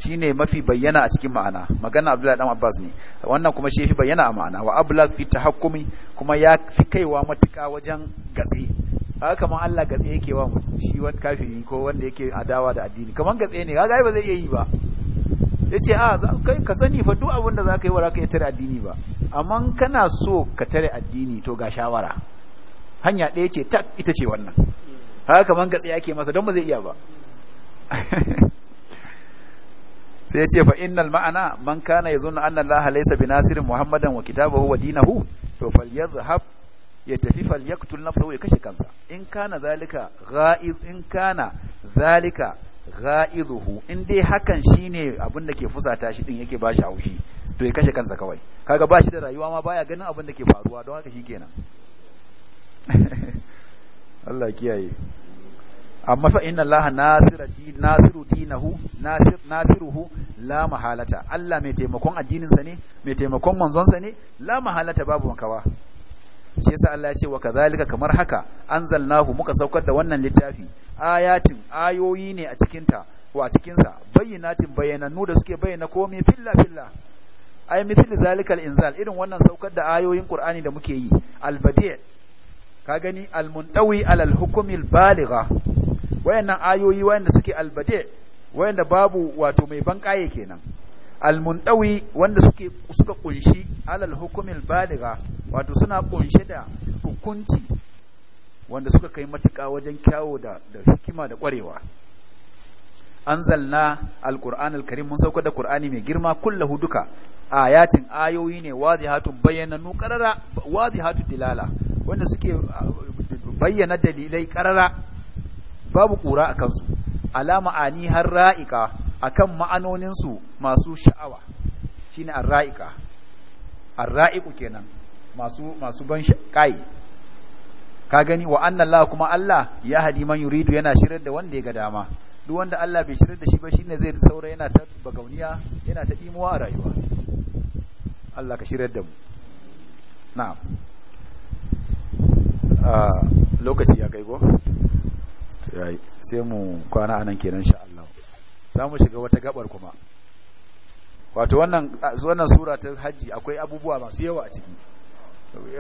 shine mafi bayyana a cikin ma'ana magana Abdullahi dan Abbas ne wannan kuma shi fi bayyana a ma'ana wa ablag fi tahakkumi kuma ya fi kaiwa matuka wajen gatse haka kaman Allah gatse yake wa shi wani kafiri ko wanda yake adawa da addini kaman gatse ne kaga ai ba zai iya yi ba yace a kai ka sani fa duk abin da zaka yi wara ka yi tare addini ba amma kana so ka tare addini to ga shawara hanya ɗaya ce ta ita ce wannan haka kaman gatsi ake masa don ba zai iya ba <laughs> sai ya ce fa innal ma'ana man kana yazunnu anna allaha laysa binasirin muhammadan wa kitabahu wa dinahu to falyadhhab ya tafi falyaktul nafsahu ya kashe kansa in kana zalika gha'iz in kana zalika gha'izuhu in dai hakan shine abin da ke fusata shi din yake bashi haushi to ya kashe kansa kawai kaga bashi da rayuwa ma baya ganin abin da ke faruwa don haka shikenan <laughs> Allah kiyaye amma fa inna allaha nasiru dinahu nasir nasiruhu la mahalata Allah mai taimakon addininsa ne mai taimakon manzonsa ne la mahalata babu makawa? shi yasa Allah ya ce wa kadhalika kamar haka anzalnahu muka saukar da wannan littafi ayatin ayoyi ne a cikin ta wa cikin sa bayyanatin da suke bayyana komai filla filla ay mithli zalikal inzal irin wannan saukar da ayoyin Qur'ani da muke yi albadi' ka gani almuntawi alal hukumil baligha wayannan ayoyi wayanda suke albade wayanda babu wato mai banƙaye kenan almundawi wanda suke suka kunshi alal hukumil baliga wato suna kunshe da hukunci wanda suka kai matuƙa wajen kyawo da da hikima da ƙwarewa anzalna alquran alkarim mun sauka da qur'ani mai girma kullahu duka ayatin ayoyi ne wazihatun nu qarara wazihatu dilala wanda suke ah, bayyana dalilai qarara babu ƙura a kansu ala ma'ani har ra'ika kan ma'anoninsu masu sha'awa shine ar-ra'ika a raiku kenan masu masu ban kai ka gani wa anna kuma Allah ya hadi man yuridu yana shirar da wanda ya ga dama duk wanda Allah bai shirar da shi ba shine zai saura yana ta bagauniya yana ta ɗimuwa a rayuwa Allah ka shirar da mu na'am ah, lokaci ya kai go sai mu kwana anan kenan insha Allah za mu shiga wata gabar kuma wato wannan wannan sura ta haji akwai abubuwa masu yawa a ciki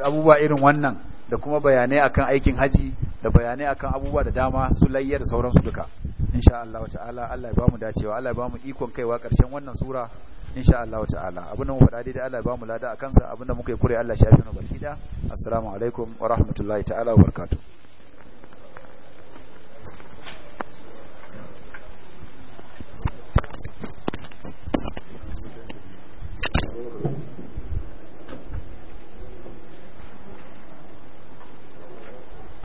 abubuwa irin wannan da kuma bayanai akan aikin haji da bayanai akan abubuwa da dama su layyar da sauransu duka insha Allah ta'ala Allah ya bamu dacewa Allah ya bamu ikon kaiwa karshen wannan sura insha Allah ta'ala abin da mu faɗa da Allah ya bamu lada akan sa abin da muka yi kure Allah shafi mu barkida assalamu alaikum wa rahmatullahi ta'ala wa barakatuh